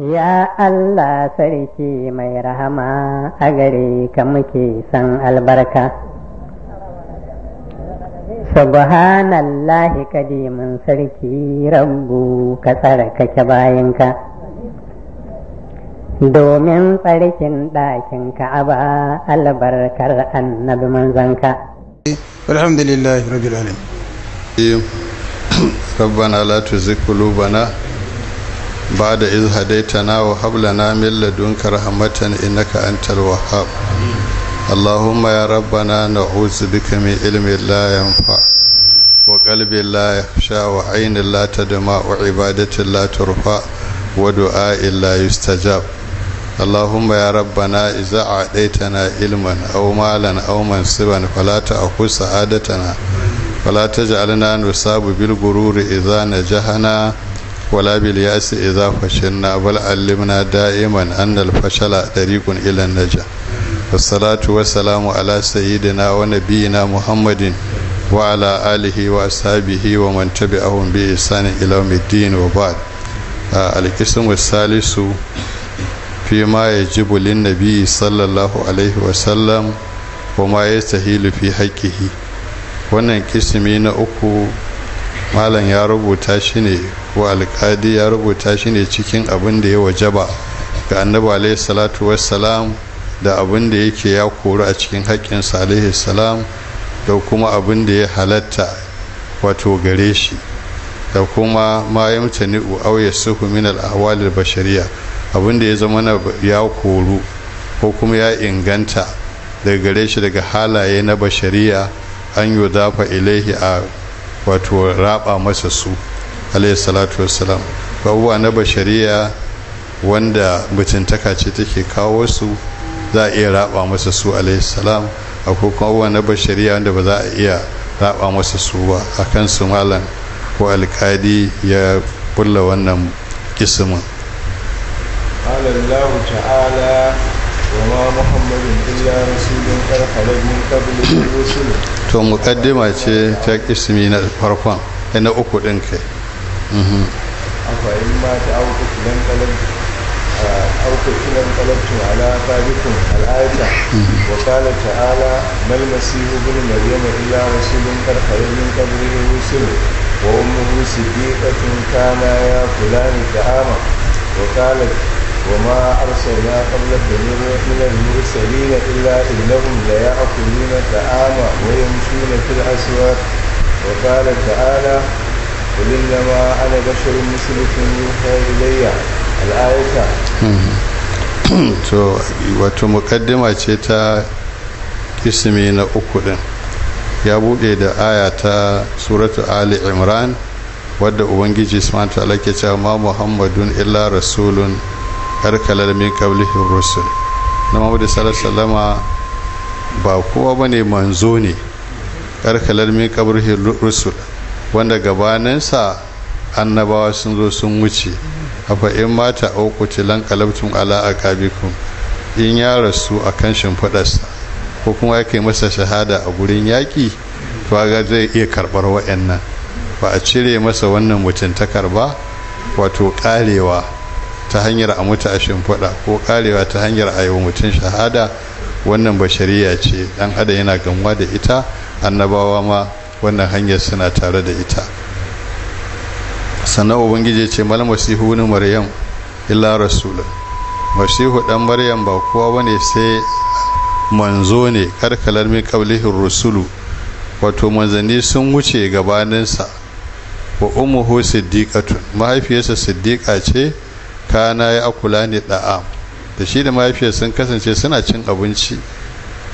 Ya Allah sarki mai rahama a gare ka muke san albarka. Subhanallahi kadimin sarki rabbu ka tsara kake bayanka. Domin tsarkin ɗakin ka'aba albarkar annabi manzanka. Alhamdulillahi rabbil alamin. Rabbana la tuzigh qulubana ba da izhadaita na wa habla na milla dunka rahmatan innaka antal wahhab allahumma ya rabbana na'udzu bika min ilmi la yanfa wa qalbi la yakhsha wa ayni la tadma wa ibadati la turfa wa du'a illa yustajab allahumma ya rabbana iza adaitana ilman aw malan aw mansiban fala ta'khu sa'adatana fala taj'alna nusabu bil gururi izana jahana. ولا بالياس إذا فشلنا بل علمنا دائما أن الفشل طريق إلى النجاة والصلاة والسلام على سيدنا ونبينا محمد وعلى آله وأصحابه ومن تبعهم بإحسان إلى يوم الدين وبعد القسم الثالث فيما يجب للنبي صلى الله عليه وسلم وما يستهيل في حقه wannan kisimi na uku malam ya rubuta shi ne ko alkadi ya rubuta shi ne cikin abin da ya wajaba ga annabi alaihi salatu wassalam da abin da yake ya kori a cikin haƙƙin salihu salam da kuma abin da ya halatta wato gare shi da kuma ma yamtani auye suhu min al bashariya abin da ya zama na ya koru ko kuma ya inganta daga gare shi daga halaye na bashariya an dafa ilaihi a wato raba masa su alayhi salatu wassalam abubuwa na bashariya wanda mutuntaka ce take kawo su za a iya raba masa su salam akwai kuma abubuwa na bashariya wanda ba za a iya raba masa su ba a kan su malam ko alkadi ya bulla wannan kisimin وما محمد إلا رسول قد خلت من قبله الرسل to mukaddima ce ta ismi na farkon na uku din kai mhm. afa in ma ta auku kilan kalab auku kilan kalabtu ala tabikum al'ayata mhm. wa qala ta'ala mal masihu bin maryama illa rasulun qad khala min qabrihi rusul ta'ama wa وما أرسلنا قبلك من من المرسلين إلا إنهم ليأكلون الطعام ويمشون في الأسواق وقال تعالى قل إنما أنا بشر مثلكم يوحى إلي الآية to wato mukaddima ce ta kismi na uku din ya bude da aya ta suratu ali imran wadda ubangiji subhanahu wa ta'ala ke cewa ma muhammadun illa rasulun karkalar min kablihin rusul na muhammadu salama ba kowa ba ne manzo ne karkalar min kablihin rusul wanda gabaninsa annabawa sun zo sun wuce a in mata aukuci kalabtun ala a kabikun in ya rasu a kan shimfiɗarsa ko kuma yake masa shahada a gurin yaƙi to ga zai iya karɓar wa'annan ba a cire masa wannan mutuntakar ba wato ƙarewa ta hanyar a mutu a shimfiɗa ko karewa ta hanyar a yi wa mutum shahada wannan bashariya ce dan adam yana gamuwa da ita annabawa ma wannan hanyar suna tare da ita sannan ubangiji ce mal masihu ni maryam illa rasulun masihu dan maryam ba kowa bane sai manzo ne karkalar min qablihi rusulu wato manzanni sun wuce gabaninsa wa ummuhu siddiqatun mahaifiyarsa siddiqa ce kana ya akula ne da'a da shi da mahaifiyar sun kasance suna cin abinci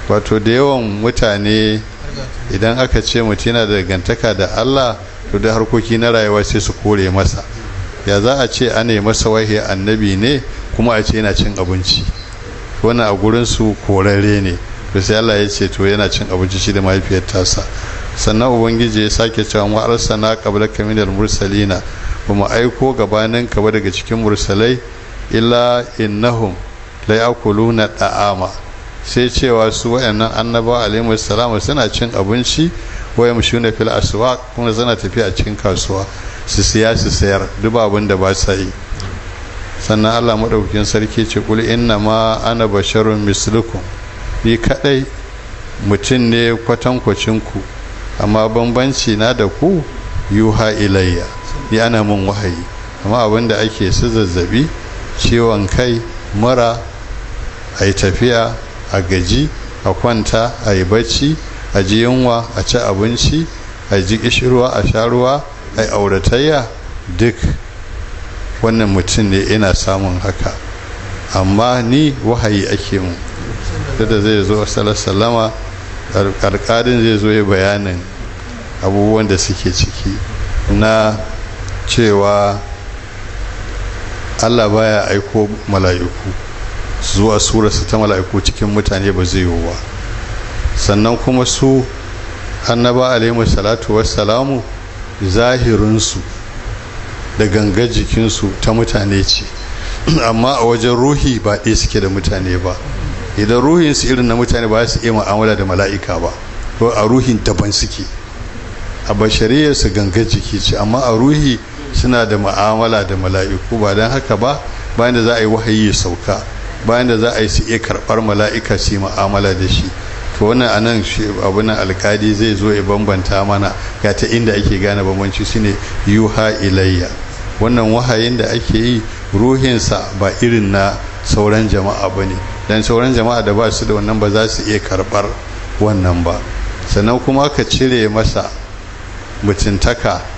wato da yawan mutane idan aka ce mutum yana da dangantaka da allah to da harkoki na rayuwa sai su kore masa ya za a ce ana yi masa wahi annabi ne kuma a ce yana cin abinci Wani a gurin su korare ne to sai allah ya ce to yana cin abinci shi da mahaifiyar tasa sannan ubangiji ya sake cewa wa arsana kabla kamilal mursalina ba mu aiko gabanin ka ba daga cikin mursalai illa innahum la yakuluna da'ama sai cewa su wayannan annaba alaihi salam suna cin abinci waya shune fil aswa kuma suna a cikin kasuwa su siya su sayar duk abin ba sa yi sannan Allah madaukakin sarki ce kul inna ma ana basharun mislukum ni kadai mutum ne kwatankwacin ku amma bambanci na da ku yuha ilayya ni ana mun wahayi amma abin da ake su zazzabi ciwon kai mura a yi tafiya a gaji a kwanta a yi bacci a ji yunwa a ci abinci a ji kishirwa a sha ruwa a yi auratayya duk wannan mutum ne ina samun haka amma ni wahayi ake mu da zai zo salama karkarin zai zo ya bayanin abubuwan da suke ciki na cewa allah baya aiko mala'iku zuwa surarsa ta mala'iku cikin mutane ba zai yiwu ba sannan kuma su annaba alaihi salatu wassalamu zahirinsu da ganga jikinsu ta mutane ce amma a wajen ruhi ba ɗaya suke da mutane ba idan ruhinsu irin na mutane ba su iya ma'amala da mala'ika ba ko a ruhin daban suke a bashariyarsu ganga jiki ce amma a ruhi suna da ma'amala da mala'iku ba don haka ba bayan da za a yi wahayi ya sauka bayan da za a yi su iya karɓar mala'ika su yi ma'amala da shi to wannan nan shi abunan alkadi zai zo ya bambanta mana ga ta inda ake gane bambanci shine yuha ilayya wannan wahayin da ake yi ruhinsa ba irin na sauran jama'a ba ne don sauran jama'a da ba su da wannan ba za su iya karɓar wannan ba sannan kuma ka cire masa mutuntaka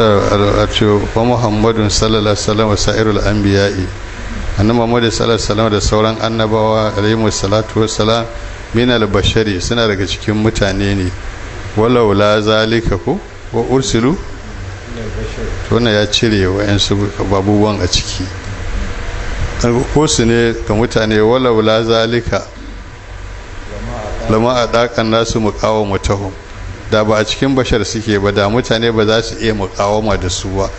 a ce wa muhammadun sallallahu alaihi wasallam wa sa'irul anbiya'i annabi muhammad sallallahu alaihi wasallam da sauran annabawa alaihi salatu wassalam min al-bashari suna daga cikin mutane ne walau la zalika ko wa ursilu wannan ya cire wa'ansu babuwan a ciki ko su ne ga mutane walau la zalika lama a dakan nasu muqawamatuhum da ba a cikin bashar suke ba da mutane ba za su iya mukawama da su ba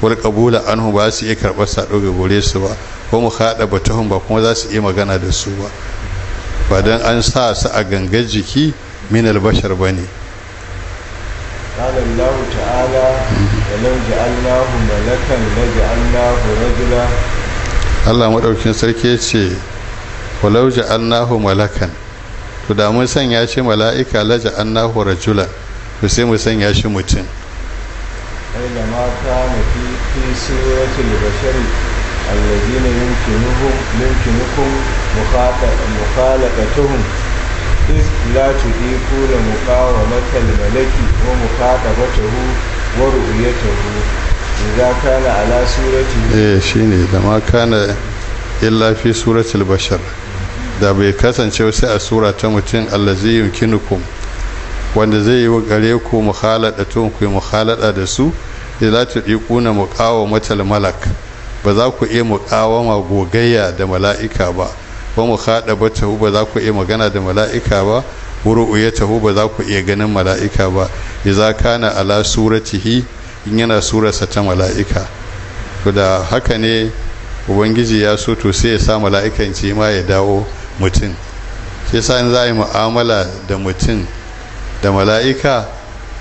wal kabula anhu ba su iya karɓar sado ga gore su ba ko mu kaɗa batuhum ba kuma za su iya magana da su ba ba dan an sa su a gangar jiki min al bashar bane قال الله تعالى ولو جعلناه ملكا لجعلناه رجلا الله مدaukin sarki ce walau ja'alnahu malakan to da mun sanya shi mala'ika laja annahu rajula to sai mu sanya shi mutum aina ma kana fi fi suratul bashari alladhina yumkinuhum yumkinukum mukhalaqatuhum لا تديكون مقاومة الملك ومخاطبته ورؤيته إذا كان على سورته إيه شيني لما كان إلا في سورة البشر da bai kasance sai a sura ta mutum allazi yumkinukum wanda zai yi gare ku muhalada tun ku muhalada da su da za ta ɗiƙuna matal malak ba za ku iya ma gogayya da mala'ika ba ba mu haɗa ba tahu ba za ku iya magana da mala'ika ba wuri ya tahu ba za ku iya ganin mala'ika ba za ka na ala suratihi in yana surarsa ta mala'ika to da haka ne ubangiji ya so to sai ya sa mala'ikan ci ma ya dawo mutum shi sa in za a yi mu'amala da mutum da mala'ika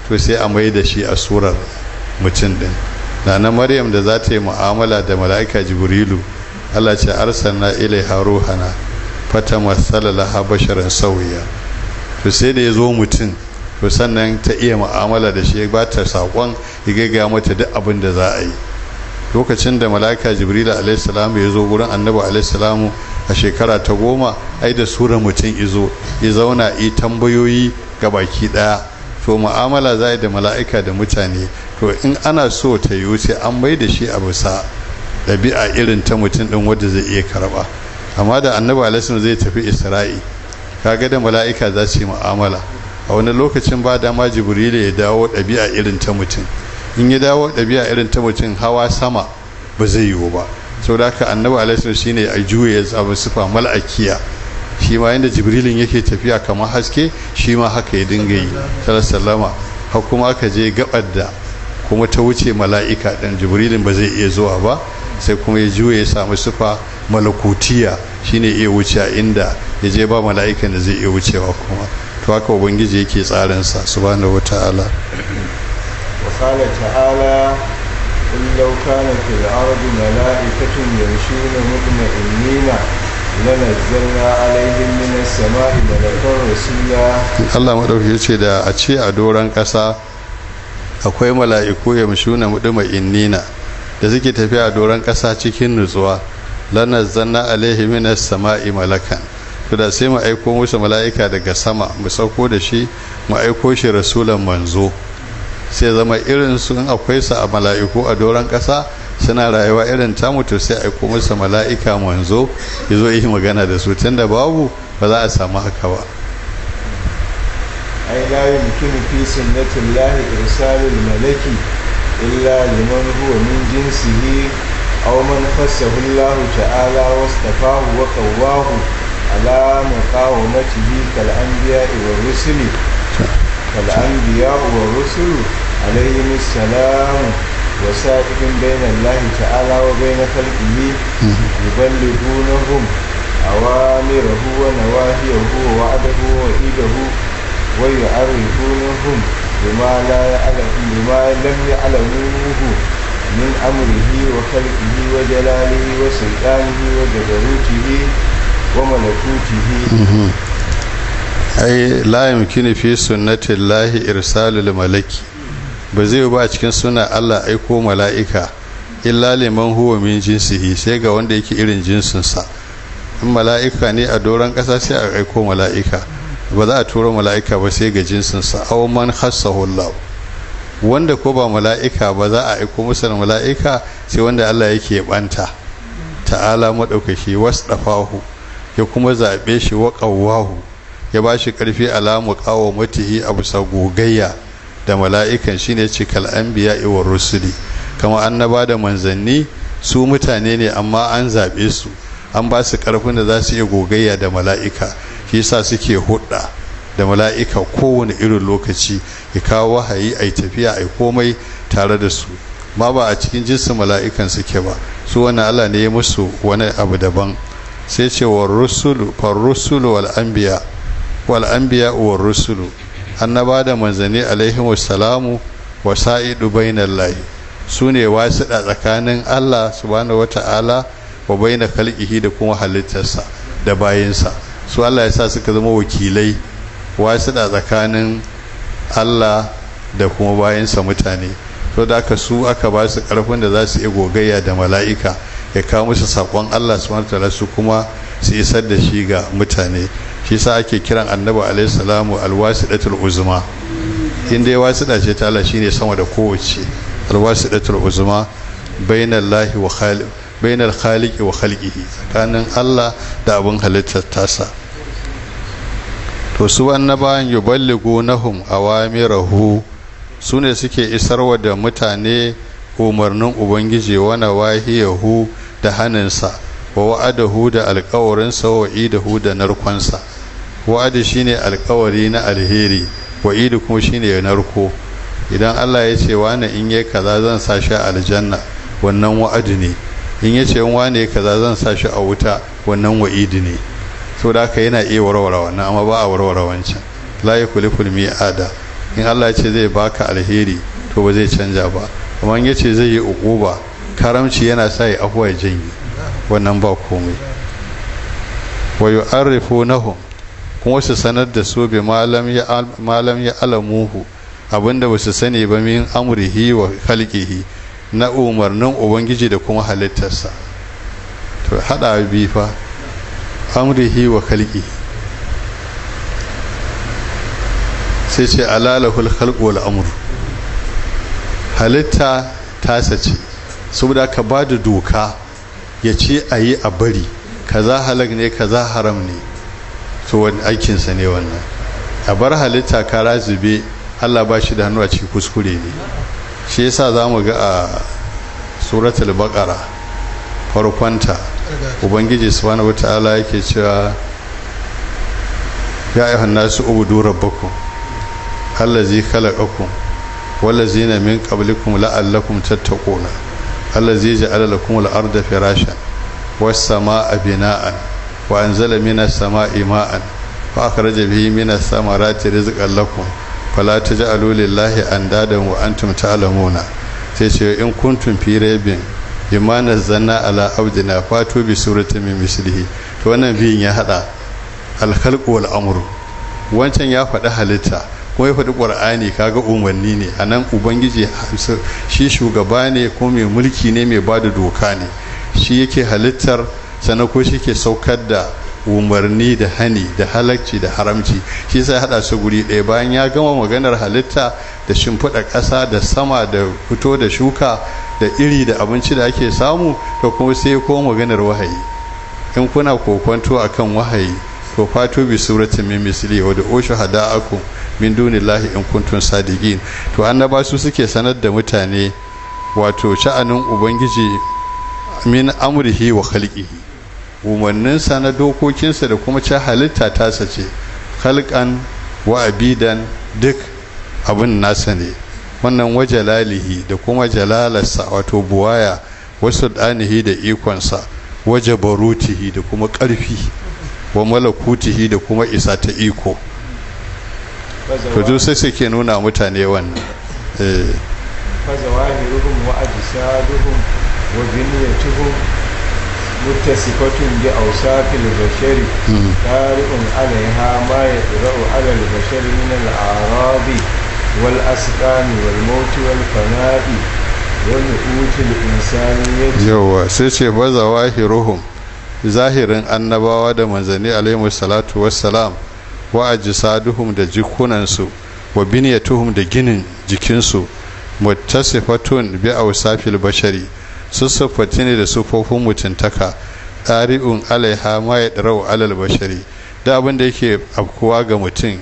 to sai a mai da shi a surar mutum din na maryam da za ta yi mu'amala da mala'ika jibrilu allah ce na ilai haruhana fata matsala laha basharar sauya to sai da ya zo mutum to sannan ta iya mu'amala da shi ba ta saƙon ya gaggaya mata duk abin da za a yi lokacin da mala'ika jibril alaihissalam ya zo wurin annabi alaihissalam a shekara ta goma ai da sura mutum izo ya zauna yi tambayoyi ga baki daya to mu'amala za da mala'ika da mutane to in ana so ta yi sai an mai da shi a bisa ɗabi'a irin ta mutum ɗin wanda zai iya karɓa amma da annabi alaihissalam zai tafi isra'i kaga da mala'ika za su yi mu'amala a wani lokacin ba dama Jibrila ya dawo ɗabi'a irin ta mutum in ya dawo ɗabi'a irin ta mutum hawa sama ba zai yiwu ba sau da haka annabi alaihi shine a juya ya zaba sufa mal'akiya shi ma yadda jibrilin yake tafiya kamar haske shi ma haka ya dinga yi sallama har kuma aka je gabar da kuma ta wuce mala'ika ɗan jibrilin ba zai iya zuwa ba sai kuma ya juya ya samu sufa malakutiya shine iya wuce inda ya je ba mala'ikan da zai iya wucewa kuma to haka ubangiji yake tsarinsa subhanahu ta'ala قال تعالى قل لو كان في الأرض ملائكة يمشون مطمئنين لنزلنا عليهم من السماء ملكا رسولا الله مدوكي يشي da a ce a doron ƙasa akwai mala'iku yamshuna mutma'innina da suke tafiya a doron ƙasa cikin nutsuwa zanna alaihim minas sama'i malakan to da sai mu aiko musu mala'ika daga sama mu sauko da shi mu aiko shi rasulan manzo sai zama irin su in akwai su a mala'iku a doron ƙasa suna rayuwa irin ta mutu sai a aiko su mala'ika manzo ya zo yi magana da su tun da babu ba za a samu haka ba ai la yumkinu fi sunnati lahi irsalul malaki illa liman huwa min jinsihi aw man fassahu allah ta'ala wastafahu wa qawwahu ala muqawamatihi kal anbiya'i wa rusuli kal anbiya'i wa rusuli alayhim salam wa sa'idin bayna Allah a wa bayna khalqihi yuballighunahum awamirahu wa nawahiyahu wa wa'adahu wa idahu wa yu'arrifunahum bima la ya'lamu bima lam ya'lamuhu min amrihi wa khalqihi wa jalalihi wa sultanihi wa jabarutihi wa malakutihi ai la yumkini fi sunnati Allah irsalul malaki ba zai ba a cikin suna Allah aiko mala'ika illa liman huwa min jinsihi sai ga wanda yake irin jinsinsa in mala'ika ne a doron ƙasa sai a aiko mala'ika ba za a turo mala'ika ba sai ga jinsinsa aw man khassahu wanda ko ba mala'ika ba za a aiko musu mala'ika sai wanda Allah yake banta ta'ala wasu ɗafahu ya kuma zaɓe shi wa qawwahu ya bashi ƙarfi alamu ƙawo matihi abu sagogayya da mala'ikan shine cikal kal anbiya wa rusuli kama annaba da manzanni su mutane ne amma an zaɓe su an ba su ƙarfin da za su iya gogayya da mala'ika shi sa suke hudda da mala'ika kowane irin lokaci ya kawo wahayi a tafiya a komai tare da su ma ba a cikin jinsin mala'ikan suke ba su wani Allah ne ya musu wani abu daban sai ce wa rusulu far rusulu wal anbiya wal rusulu annaba da manzanni alaihimu salamu wa bainal lahi su ne wasiɗa tsakanin allah subhanahu wata'ala wa bainal khalqihi da kuma halittarsa da bayansa su allah ya sa suka zama wakilai wasiɗa tsakanin allah da kuma bayansa mutane to da aka su aka ba su ƙarfin da za su iya gogayya da mala'ika ya kawo musu saƙon allah subhanahu wata'ala su kuma su isar da shi ga mutane shi sa ake kiran annabi alaihi salamu alwasidatul uzma in dai wasida ce ta Allah shine sama da kowace alwasidatul uzma lahi wa khaliq bainal khaliqi wa khalqihi tsakanin Allah da abun halittar tasa to su annabawan nahum awamirahu sune sune suke isarwa da mutane umarnin ubangiji wani wahiyahu da haninsa wa wa'adahu da sa wa wa'idahu da narkonsa wa'adi shine alƙawari na alheri wa'idu kuma shine narko idan Allah ya ce wani in yi kaza zan sa shi aljanna wannan wa'adi ne in ya ce wani kaza zan sa shi a wuta wannan wa'idi ne so da haka yana iya warware wannan amma ba a warware wancan la yukhliqul mi'ada in Allah ya ce zai baka alheri to ba zai canja ba amma in ya ce zai yi ukuba karamci yana sa ya afuwa ya wannan ba komai wa yi na hu kuma su sanar da su bi malam ya alamuhu abinda ba su sani ba min amurihi wa halkihi na umarnin ubangiji da kuma halittarsa to hada bi fa amurihi wa khalqi sai ce alalahul khalq wal amr halitta tasa ce saboda ka ba da doka ya ce a yi a bari kaza halag ne kaza haram ne to wani aikinsa ne wannan a bar halitta kara zube allah ba shi da hannu a cikin kuskure ne shi yasa za mu ga a suratul baqara farkonta ubangiji subhanahu wataala yake cewa ya ayyuhan nasu ubudu rabbakum allazi khalaqakum wallazina min qablikum la'allakum tattaquna allazi ja'ala lakum al-ardha firashan was samaa bina'an wa anzala minas samaa'i ma'an fa akhraja bihi minas samarati rizqan lakum fala taj'alu lillahi andadan wa antum ta'lamuna sai ce in kuntum fi raibin imana zanna ala abdina fatu bi suratin min mislihi wannan biyin ya hada al-khalqu wancan ya faɗi halitta kuma ya faɗi ƙwar'ani kaga umarni ne a nan ubangiji shi shugaba ne ko mai mulki ne mai ba da doka ne shi yake halittar sannan ko shi ke saukar da umarni da hani da halacci da haramci shi sai haɗa su guri ɗaya bayan ya gama maganar halitta da shimfiɗa ƙasa da sama da fito da shuka da iri da abinci da ake samu to kuma sai ko maganar wahayi in kuna kokonto kan wahayi ko fatu bi suratin min misli wa du'u shuhada'akum min dunillahi in kuntum sadiqin to annaba su suke sanar da mutane wato sha'anin ubangiji min amrihi wa khalqihi umarninsa na dokokinsa da kuma ci halitta tasa ce halkan wa abidan duk abin nasa ne wannan wajalalihi da kuma jalalarsa wato buwaya wasu ɗanihi da ikonsa waje barutihi da kuma ƙarfi wa malakutihi da kuma isa ta iko to duk sai suke nuna mutane wannan eh fazawahiruhum wa ajsaduhum wa binyatuhum متسفتون بأوصاف البشر طارئ عليها ما يطرأ على البشر من الأعراض والأسقام والموت والفناء ونقوت الإنسانية يوه سيسي بذواهرهم zahirin annabawa da manzanni alaihi salatu wassalam wa ajsaduhum da jikunansu wa biniyatuhum da ginin jikinsu muttasifatun bi awsafil bashari su ne da sufofin mutuntaka ɗari'un alaiha ma ya ɗarau alal bashari da abin da yake afkuwa ga mutum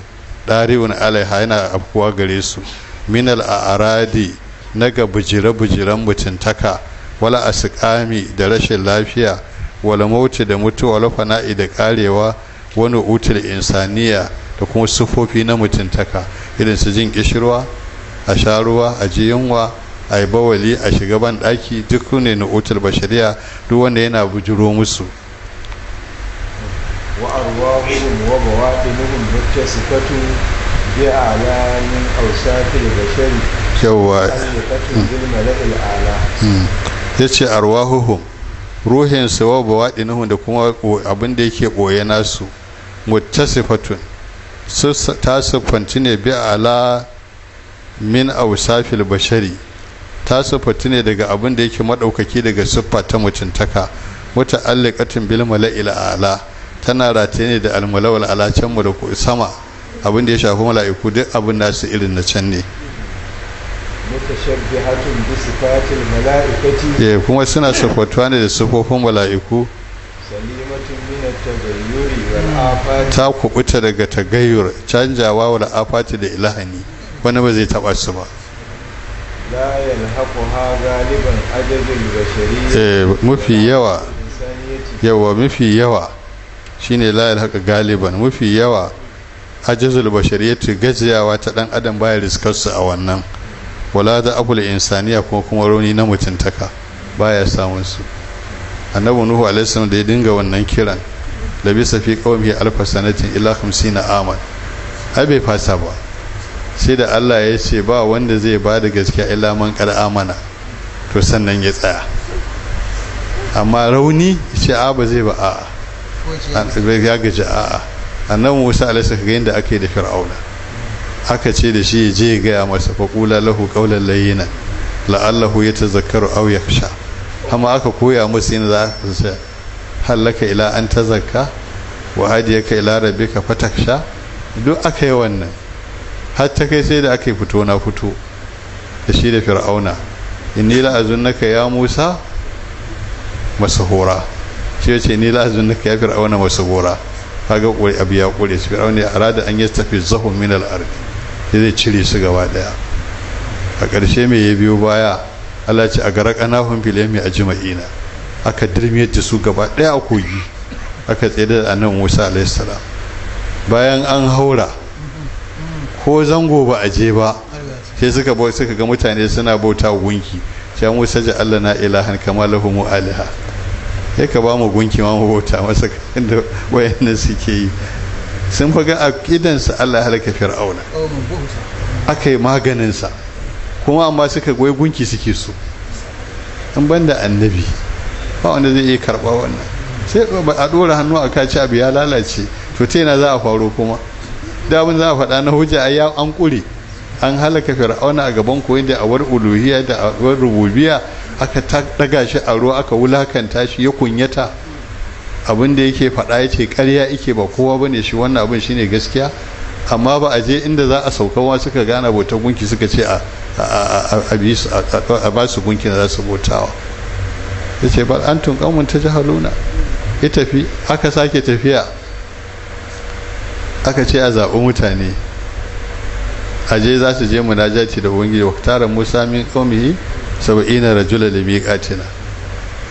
ɗari'un alaiha yana afkuwa gare su minal a aradi na ga bujire-bujiren mutuntaka wala a da rashin lafiya wala mauti da mutuwa wala fana'i da karewa wani utul insaniya da kuma sufofi na mutuntaka irin su jin kishirwa a sha ruwa a ji yunwa a yi bawali a shiga ban ɗaki duk ne na utul bashariya duk wanda yana bujiro musu wa arwahum wa bawaqinuhum muttasifatu bi alamin awsafil bashari yawa al-mala'i al-ala hmm. yace arwahuhum ruhin su wa da kuma abin da yake ɓoye nasu muttasifatun su ta siffanci ne bi ala min ausafil bashari ta siffanci ne daga abin da yake maɗaukaki daga siffa ta mutuntaka wata allikatin bil mala'il ala tana rataye ne da almalawal ala can mu da sama abin da ya shafi mala'iku duk abin nasu irin na can ne mutashabbihatun bi sifatil mala'ikati eh kuma suna sakwatuwa ne da sifofin mala'iku salimatun min at wal afati ta kubuta daga tagayyur canjawa wal afati da ilahani wani ba zai taba su ba la ha galiban adadul bashari eh mafi yawa yawa mafi yawa shine la yalhaqa galiban mafi yawa gajiyawa ta dan adam baya riskar su a wannan wala da akul insaniya kuma kuma rauni na mutuntaka baya samun su annabi nuhu alaihi salam da ya dinga wannan kiran labisa fi qawmihi alfa sanatin ila 50 aman ai bai fasa ba sai da Allah ya ce ba wanda zai ba da gaskiya ila man qad amana to sannan ya tsaya amma rauni ce a ba zai ba a'a ya gaji a'a annabi Musa alaihi salam ga yadda ake da fir'auna aka ce da shi je gaya masa faƙula lahu ƙaular layina la'allahu ya ta zakaru au ya sha amma aka koya musu yin za su halaka hallaka ila an ta zakka wa hadiyaka ila rabbika fataksha duk aka yi wannan har ta kai sai da aka yi fito na fito da shi da fir'auna inni la'azunnaka ya musa masahura shi ya ce ni la'azunnaka ya fir'auna masahura kaga abu ya kure shi fir'auna ya arada an yastafi zahu min al zai cire su gaba daya a ƙarshe mai ya biyo baya alaci a gara ƙanahun filai mai ajima'ina aka dirmiyar da su gaba daya a kogi aka tsere da nan Musa alaihissalam bayan an haura ko zango ba a je ba sai suka bai suka ga mutane suna bauta gunki sai Musa ja Allah na ilahan kama lahum aliha ya ka ba mu gunki ma mu bauta masa da wayannan suke yi sun faga ƙidansa Allah ya halaka fir'auna aka yi maganinsa kuma amma suka goyi gunki suke so ban banda annabi ba wanda zai iya karɓa wannan sai a ɗora hannu a kaci abu ya lalace to ta yana za a faru kuma dabin za a faɗa na hujja a ya an ƙure an halaka fir'auna a gaban koyi da awar uluhiyya da awar rububiya aka ɗaga shi a ruwa aka wulakanta shi ya kunyata abin da yake faɗa ya ce ƙarya ike ba kowa ba ne shi wannan abin ne gaskiya amma ba a je inda za a sauka wa suka gane bautar gunki suka ce a ba su gunki na za su bautawa ya ce ba an tunƙanmun ta jahaluna ya tafi aka sake tafiya aka ce a zaɓi mutane a je za su je munajati da ubangiji wa tara musa min qaumihi saba'ina rajula li miqatina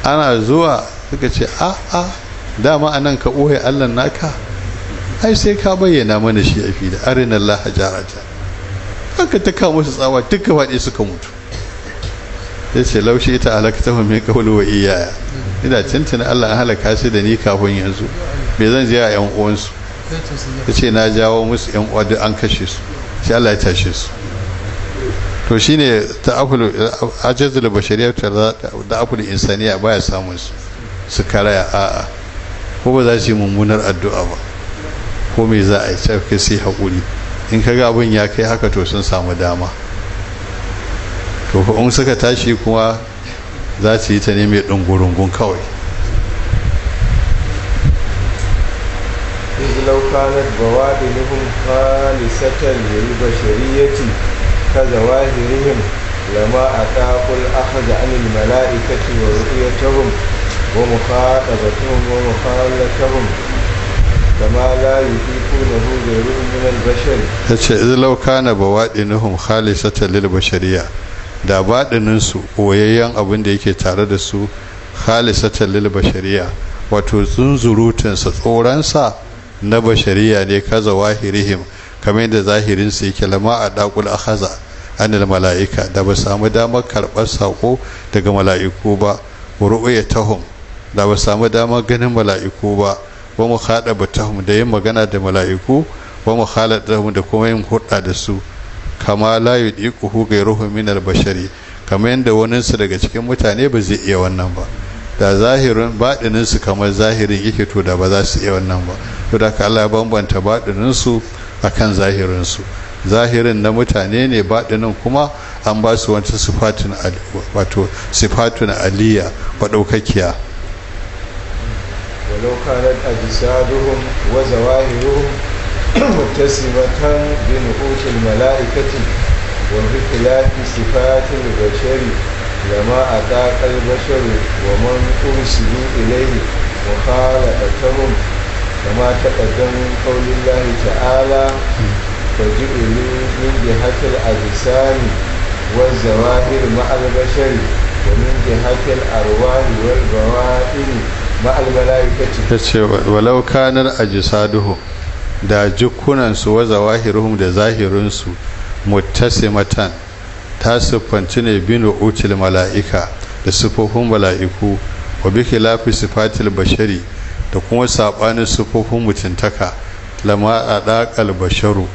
ana zuwa suka ce a a dama a nan ka ɓoye allah naka ai sai ka bayyana mana shi a fili arin allah jarata haka ta kawo su tsawa duka faɗi suka mutu ya ce laushi ita ta mai kawo wa iyaya ina tuntuna allah an halaka shi da ni kafin yanzu me zan je a yan uwansu ya ce na jawo musu yan uwa duk an kashe su sai allah ya tashe su to shine ta ajazul bashariyatu da akulu insaniya baya samun su su karaya a'a ko ba za su yi mummunar addu'a ba ko me za a yi sai sai haƙuri in ka ga abin ya kai haka to sun samu dama to in suka tashi kuma za su yi ta ne mai ɗungurungun kawai لو كانت بوادنهم خالصة للبشرية كظواهرهم لما أتاقوا الأخذ عن الملائكة ورؤيتهم ومخاطبتهم ومخالتهم كما لا يطيقونه غيرهم من البشر yace iz law kana bawadinuhum khalisatan lil da badinin su koyayyen abin da yake tare da su khalisatan lil bashariya wato tsunzurutun sa tsoran sa na bashariya ne kaza wahirihim kamar da zahirin su yake lama a dakul akhaza anil mala'ika da ba samu damar karɓar sako daga mala'iku ba ru'uyatahum da ba samu dama ganin mala'iku ba ba mu haɗa batahum da yin magana da mala'iku ba mu da kuma yin hudda da su kama la yudiquhu ghayruhu min al-bashari kamar yadda waninsu daga cikin mutane ba zai iya wannan ba da zahirin baɗinin kamar zahirin yake to da ba za su iya wannan ba to da ka Allah bambanta baɗinin su akan zahirinsu zahirin na mutane ne baɗinin kuma an ba su wata sifatun wato sifatun aliyya ba ɗaukakiya ولو كانت أجسادهم وزواهرهم متسمة بنقوش الملائكة وبخلاف صفات البشر لما أتاك البشر ومن أرسلوا إليه مخالفتهم كما تقدم من قول الله تعالى فجئلوا من جهة الأجسام والزواهر مع البشر ومن جهة الأرواح والبوائل ya ce walau kanar a jisaduhu da jikunansu wa zawahiruhum da zahirinsu mutasimatan ta siffanci ne bin util mala'ika da siffofin mala'iku wa bi khilafi sifatil bashari da kuma sabanin siffofin mutuntaka lama a daƙal basharu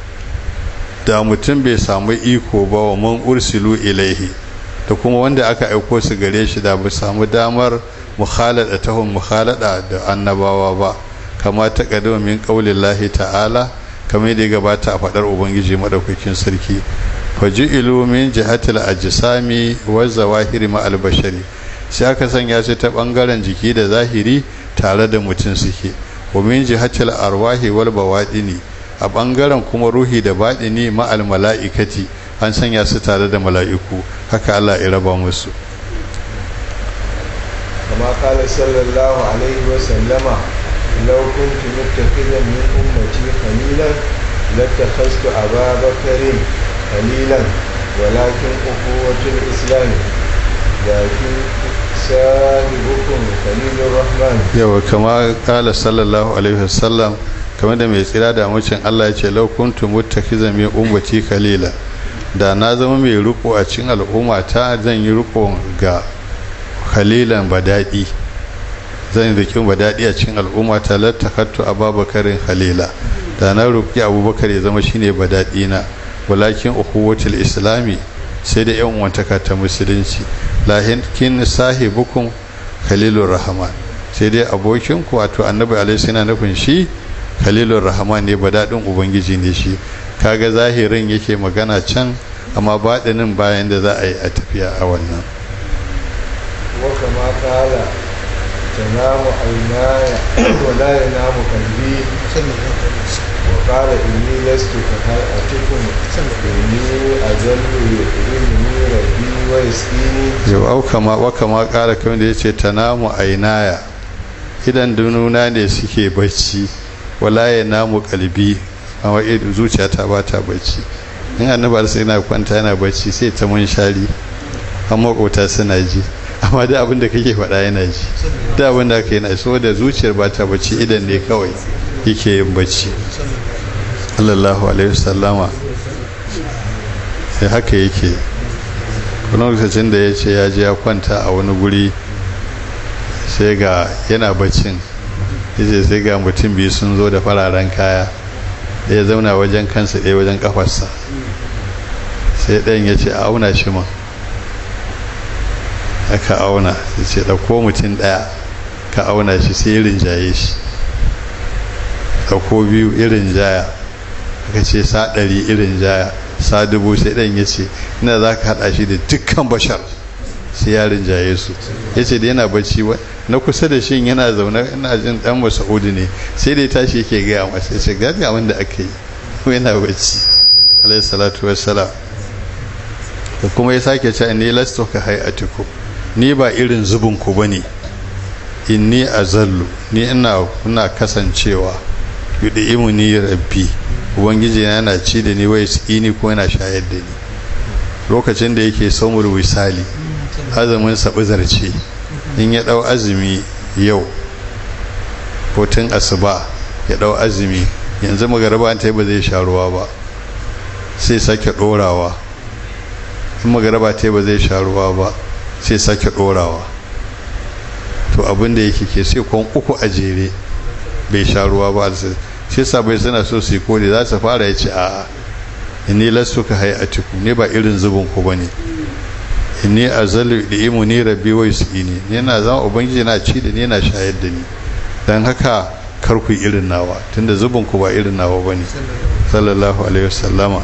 da mutum bai samu iko ba wa mun ursilu ilaihi da kuma wanda aka aiko su gare shi da bai samu damar tahon mukhalada da annabawa ba kama ta kadama min lahi ta'ala kamar da ya gabata a fadar ubangiji madaukakin sarki ilu min jihatil ajsami wa zawahiri ma albashari sai aka sanya su ta bangaren jiki da zahiri tare da mutum suke wa min jihatil arwahi wal bawadini a bangaren kuma ruhi da badini ma al an sanya su tare da mala'iku haka Allah ya raba musu كما قال صلى الله عليه وسلم لو كنت متخذا من أمتي خليلا لاتخذت أبا بكر خليلا ولكن أخوة الإسلام لكن صاحبكم خليل الرحمن يو كما قال صلى الله عليه وسلم كما da mai tsira da amincin Allah ya ce lau kuntu muttakizan min ummati kalila da na zama mai riko a cikin al'ummata zan yi riko ga khalilan badadi zan rikin badadi a cikin al'umma ta lattakattu ababakarin khalila da na roƙi abubakar ya zama shine badadi na walakin ukhuwatul islami sai da yan ka ta musulunci kin sahibukum khalilur rahman sai dai abokin ku wato annabi alaihi suna nufin shi khalilur rahman ne badadin ubangiji ne shi kaga zahirin yake magana can amma baɗinin bayan da za a yi a tafiya a wannan وكما قال تنام عيناي ولا ينام قلبي وقال إني لست كهيئتكم إني أجل ربي وكما قال تنام عيناي idan dununa ne suke bacci wala ya namu kalbi amma ta ba ta bacci in annabar sai na kwanta yana bacci sai ta mun shari amma kota suna ji amma da abin da kake faɗa yana ji da abin da aka yana so da zuciyar ba ta bacci idan ne kawai yake yin bacci allallahu alaihi salama sai eh, haka yake kuma lokacin da ya ce ya je ya kwanta a wani guri sai ga yana baccin yace sai ga mutum biyu sun zo da fararen kaya ya zauna wajen kansa ɗaya wajen kafarsa sai ɗayan ya ce a auna shi ma aka auna ya ce dauko mutum ɗaya ka auna shi sai irin jaye shi dauko biyu irin jaya aka ce sa ɗari irin jaya sa dubu sai ɗan ya ce ina za ka haɗa shi da dukkan bashar sai ya rinjaye su ya ce da yana bacci na kusa da shi yana zaune ina jin ɗan masa'udu ne sai dai tashi yake gaya masa ya ce gafi abin da aka yi yana bacci alaihi salatu sala da kuma ya sake ce ne lasto ka hayatukum ni ba irin zubin ku ba ne azallu ni ina kuna kasancewa imu ni rabbi ubangiji yana ci da ni wai ni ko yana shayar da ni lokacin da yake samun wisali azumin sabu zarce in ya dau azumi yau hotun asuba ya dau azumi yanzu magaraba ta ba zai sha ruwa ba sai sake dorawa in magaraba ta ba zai sha ruwa ba sai sake ɗorawa to abin da yake ke sai kwan uku a jere bai sha ruwa ba sai bai suna so su yi kone za su fara ya ce a'a inni lasu ka haya tuku ne ba irin zubin ku ba ne inni a zalu da imu ni rabbi wai su ne ne na zama ubangiji na ci da ne na shayar da ni don haka karku irin nawa tunda zubin ku ba irin nawa ba ne sallallahu alaihi wasallama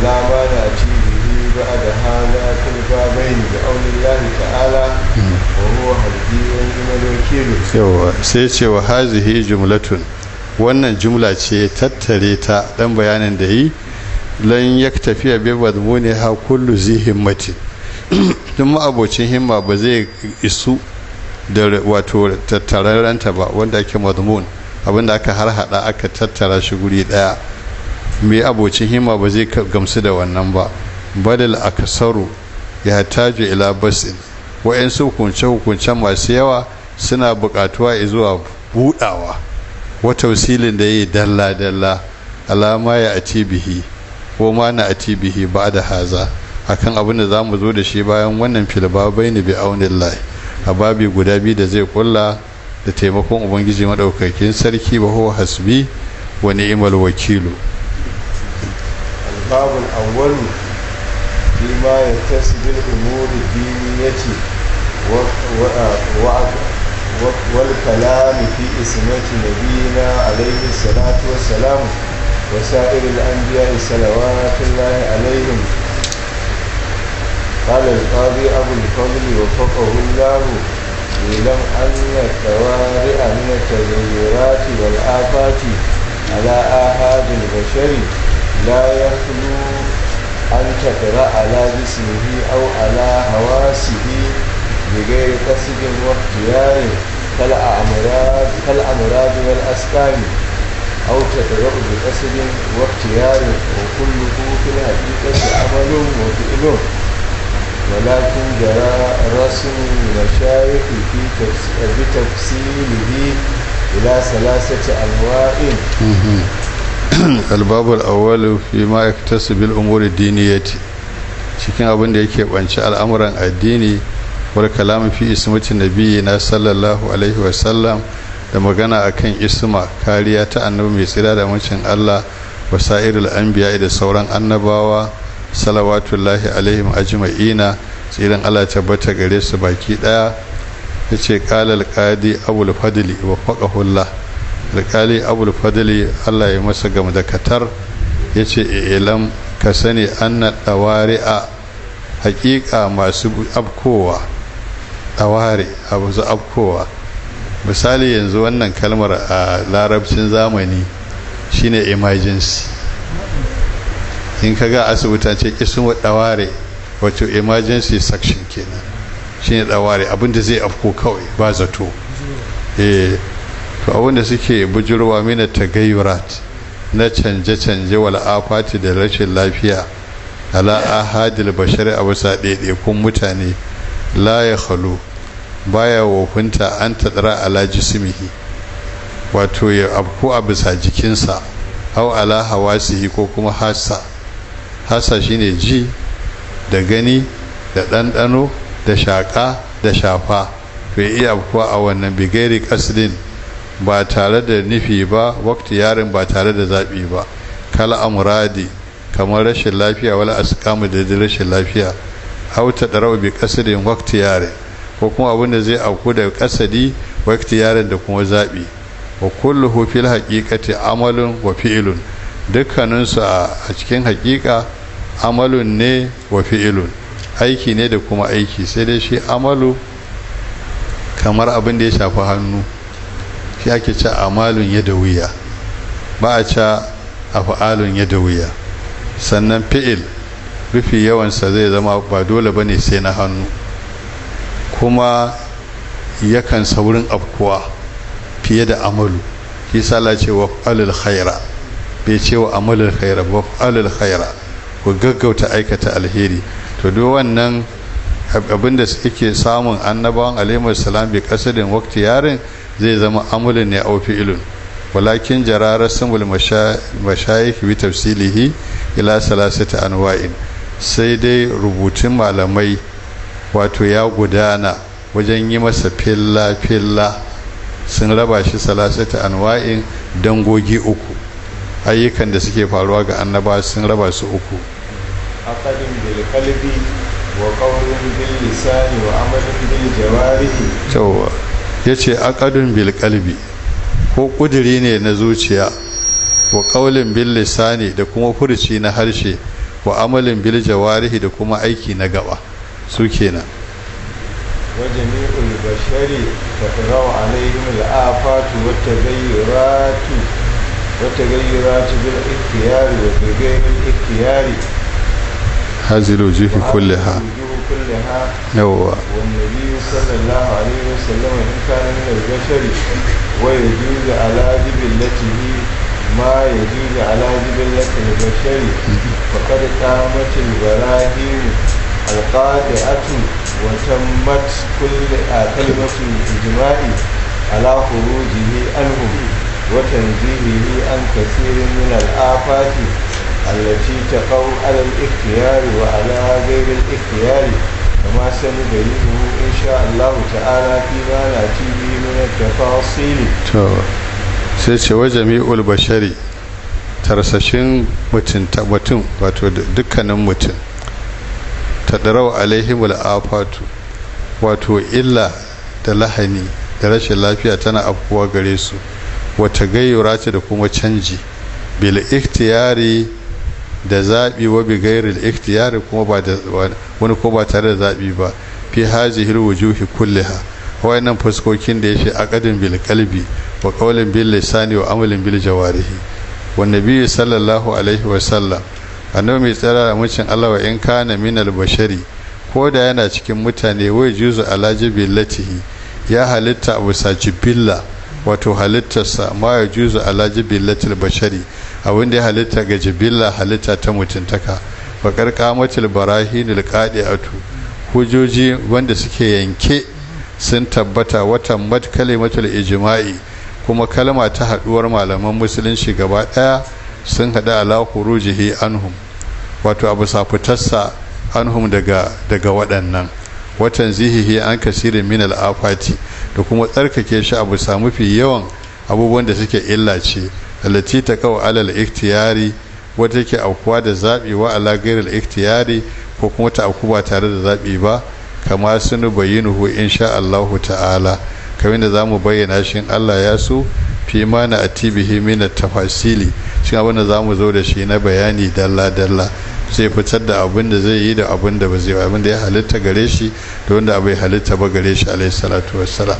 فلا مانع به بعد هذا في البابين بقول الله تعالى وهو هدي ونعم الوكيل سيتي وهذه جملة wannan jumla ce tattare ta dan bayanin da yi lan yaktafiya bi wadmuni ha kullu zi himmati duk ma'abocin himma ba zai isu da wato tattararanta ba wanda ake madmun abinda aka har harhaɗa aka tattara shi guri ɗaya mai abocin hima ba zai gamsu da wannan ba badal akasaru ya tajo ila basin wa'yansu hukunce-hukunce masu yawa suna buƙatuwa zuwa buɗawa wata wasilin da ya yi dalla-dalla alama ya a bihi ko ma na a bihi ba da haza akan abin da za mu zo da shi bayan wannan filba bai ni bi aunin lai a babi guda biyu da zai kulla da taimakon ubangiji maɗaukakin sarki ba hasbi wa ni'imal wakilu babul awwalu fi ma yattasibil umuri diniyati wal kalam fi ismati nabiyina alayhi salatu wassalam wa sa'iril anbiya'i salawatullahi alayhim قال القاضي أبو الفضل وفقه الله يعلم أن الطوارئ من التغيرات والآفات على آهاد البشر لا يخلو أن تقرأ على جسمه أو على حواسه بغير قصد واختيار كالأمراض كالأمراض والأسقام أو تقرأ بقصد واختيار وكله في الحقيقة عمل وفعل ولكن جرى رسم المشايخ في بتفصيله إلى ثلاثة أنواع الباب awwalu فيما يكتسب yaktasu bil cikin abin da yake banci al'amuran addini wal kalamu fi ismati nabiyyi na sallallahu alaihi wa sallam da magana a kan isma kariya ta annabi mai tsira da mucin Allah wa sa'irul anbiya da sauran annabawa salawatullahi alaihim ajma'ina tsirin Allah tabbata gare su baki daya yace qalal qadi abul fadli wa faqahullah alkali abul fadli allah ya masa gam da katar ya ce ilam ka sani anna ɗawari a hakika masu abkowa ɗawari abu abkowa misali yanzu wannan kalmar a larabcin zamani shine emergency in ka ga asibita ce kisun ɗaware wato emergency section kenan shine ɗaware abinda zai afko kawai ba zato eh, to abinda suke bujurwa mina gayurat na canje-canje wal'afati afati da rashin lafiya ala ahadil bashari a wasa ɗaiɗaikun mutane la ya halu baya wofinta an taɗara ala jisimihi wato ya abku a bisa jikinsa au ala hawasihi ko kuma hasa hasa shine ji da gani da ɗanɗano da shaƙa da shafa to ya iya abkuwa a wannan bigari kasidin ba tare da nufi ba wakti yarin ba tare da zaɓi ba kala amuradi kamar rashin lafiya wala asqamu da rashin lafiya hau ta darau bi wakti yarin ko kuma abin da zai auku da kasadi wakti yarin da kuma zaɓi wa kulluhu fil haqiqati amalun wa fi'lun dukkaninsu a cikin haƙiƙa amalun ne wa fi'ilun aiki ne da kuma aiki sai dai shi amalu kamar abin da ya shafi hannu ya ake ci amalun wuya ba a ce yadda wuya sannan fi'il rufi yawansa zai zama ba dole ba ne sai na hannu kuma yakan saurin afkuwa fiye da amalu shi sala ce wa alul khaira bai ce wa amalul khaira ba alul khaira ku gaggauta aikata alheri to duk wannan abinda suke samun annabawan alaihi salam bi kasadin waqti yarin zai zama amulin ne au fi'ilun walakin jararar sumul mashayikh bi tafsilihi ila salasati anwa'in sai dai rubutun malamai wato ya gudana wajen yi masa filla filla sun raba shi salasati anwa'in dangogi uku ayyukan da suke faruwa ga annaba sun raba su uku aqadun bil wa qawlun bil lisani wa amalin bil jawarihi yace ce aqadun bil ko kuduri ne na zuciya wa qaulin bil lisani da kuma furci na harshe wa amalin bil jawarihi da kuma aiki na gaba su kenan wa jami'ul bashari tafarau alayhim al'afatu wa tagayyuratu wa tagayyuratu bil ikhtiyari wa tagayyuratu bil ikhtiyari hazilu jihi kulliha كلها نوع والنبي صلى الله عليه وسلم إن كان من البشر ويجوز على جبلته ما يجوز على جبلة البشر فقد قامت البراهين القاطعة وتمت كل كلمة الإجماع على خروجه عنهم وتنزيهه عن كثير من الآفات التي تقع على الاختيار وعلى غير الاختيار وما سنبينه إن شاء الله تعالى فيما نأتي به من التفاصيل sai jami'ul bashari tarsashin mutum wato dukkanin mutum ta darau alaihim al'afatu wato illa da lahani da rashin lafiya tana afkuwa gare su wata gayyura ce da kuma canji bil ikhtiyari da zaɓi wa bi ikhtiyari kuma ba da wani ko ba tare da zaɓi ba fi hazihil wujuhi kulliha wayannan fuskokin da yace aqadin bil qalbi wa qawlin bil lisani wa amalin bil jawarihi wa nabi sallallahu alaihi wa sallam annabi mai tsara da mucin Allah wa in kana min al bashari ko da yana cikin mutane wai juzu alajibi latihi ya halitta abu sajibilla wato halittarsa ma ya juzu alajibi latil bashari abin da ya halitta ga jibilla halitta ta mutuntaka bakar kamatil barahinul qadi'atu hujoji wanda suke yanke sun tabbata watan mat kalimatul ijma'i kuma kalma ta haduwar malaman musulunci gaba daya sun hada ala khurujihi anhum wato abu safutarsa anhum daga daga waɗannan watan zihihi an kasiri min al-afati da kuma tsarkake shi abu samu fi yawan abubuwan da suke illa ce ta taqaw alal ikhtiyari wata yake aukuwa da zabi wa ala ghairil ikhtiyari ko kuma ta auku ba tare da zabi ba kama sunu bayinuhu insha allahu ta'ala kamar da zamu bayyana shi Allah ya so fi ma na atibihi min tafasili shi abin da zamu zo da shi na bayani dalla dalla sai fitar da abin da zai yi da abin da ba zai abin da ya halitta gare shi da wanda bai halitta ba gare shi alaihi salatu wassalam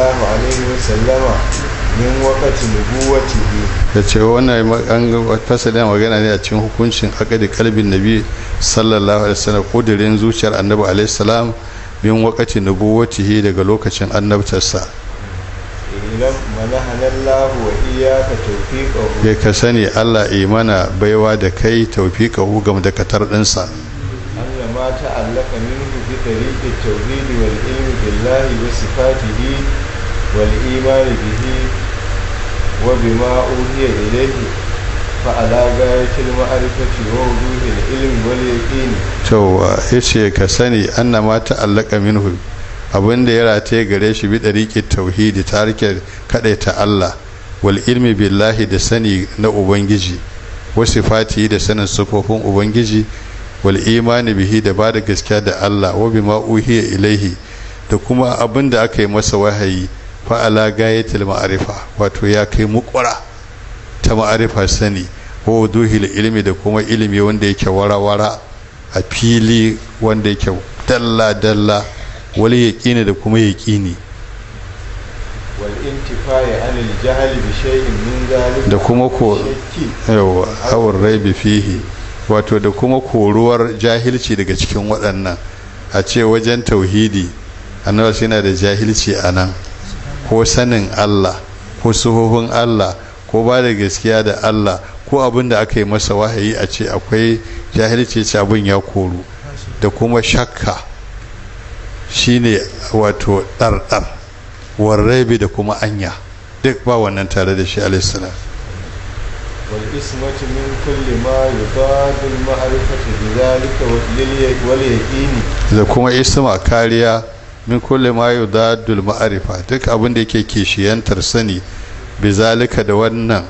Allahu alaihi wasallama min wakati nubuwati ya ce wannan an fasalin magana ne a cikin hukuncin akadi kalbin nabi sallallahu alaihi wasallam kudirin zuciyar annabi alaihi salam min wakati nubuwati daga lokacin annabtarsa ya ka sani Allah imana baiwa da kai taufiqahu gam da katar allah ma ta'allaka minhu bi tariqi at-tauhid wal ilmi billahi wa sifatihi wal imani bihi وبما أوهي إليه فعلى غاية المعرفة ووضوح العلم واليقين تو يشي كسني أن ما تألق منه abin da ya rataye gare shi bi dariki tauhidi ta ta Allah wal ilmi billahi da sani na ubangiji wasu fati da sanin sufofin ubangiji wal imani bihi da ba da gaskiya da Allah wa bima uhiya ilaihi da kuma abin da aka yi masa wahayi fa'ala gayatul ma'arifa wato ya kai mukwara ta ma'arifa sani wa da ilmi da kuma ilimi wanda yake warawara a fili wanda yake dalla dalla wali yaqini da kuma yaqini wal intifai anil bi shay'in min zalika da kuma ko yawa awar raibi fihi wato da kuma koruwar jahilci daga cikin waɗannan a ce wajen tauhidi annabi yana da jahilci a nan ko sanin Allah ko suhuhun Allah ko ba da gaskiya da Allah ko abin da aka yi masa wahayi a ce akwai jahilci ce abin ya koru da kuma shakka shi ne wato ɗarɗar warrabe da kuma anya duk ba wannan tare da shi alaihissalam والاسمة من كل ما يضاد min kulli ma yudaddul ma'arifa duk abin da yake kishiyantar sani zalika da wannan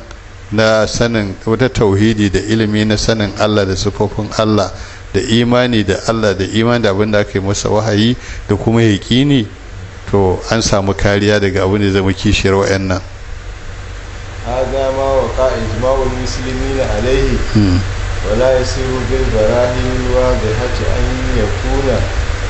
na sanin wata tauhidi da ilimi na sanin Allah da sufofin Allah da imani da Allah da imani da abin da aka yi masa wahayi da kuma yaƙini to an samu kariya daga abin da zama kishiyar wa'annan هذا ما وقع إجماع المسلمين عليه ولا يصير بالبراهين الواضحة أن يكون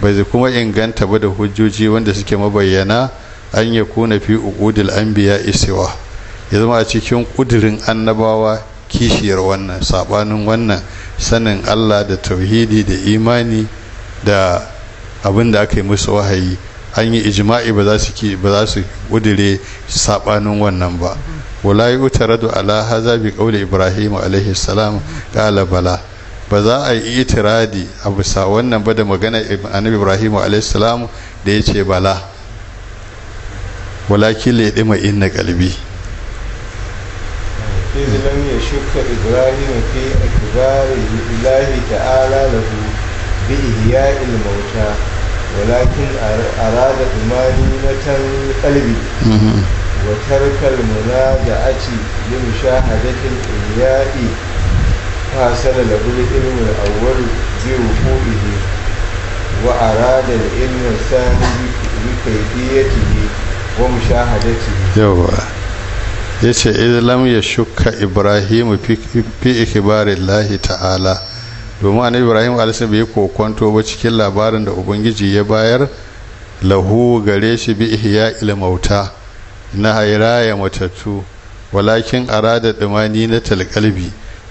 bai kuma inganta ba da hujjoji wanda suke mabayyana an ya kuna fi uqudil anbiya isiwa ya zama a cikin ƙudirin annabawa kishiyar wannan sabanin wannan sanin Allah da tauhidi da imani da abin da aka yi musu wahayi an yi ijma'i ba za su ki ba sabanin wannan ba wula yi ala hazabi bi ibrahim alaihi salam qala bala ba za a yi itiradi a bisa wannan ba da magana annabi ibrahim alaihissalam da ya ce bala walakin la yadima inna galibi izlam ya shukka ibrahim fi akbari ilahi ta'ala lahu حاصل له العلم الأول بوقوعه وأراد العلم الثاني بكيفيته ومشاهدته يوه yace lam ya shuka ibrahim fi ikibarin lahi ta'ala domin annabi ibrahim alisa bai kokonto ba cikin labarin da ubangiji ya bayar lahu gare shi bi ihya ilmauta na ya matattu walakin arada dumani na talqalbi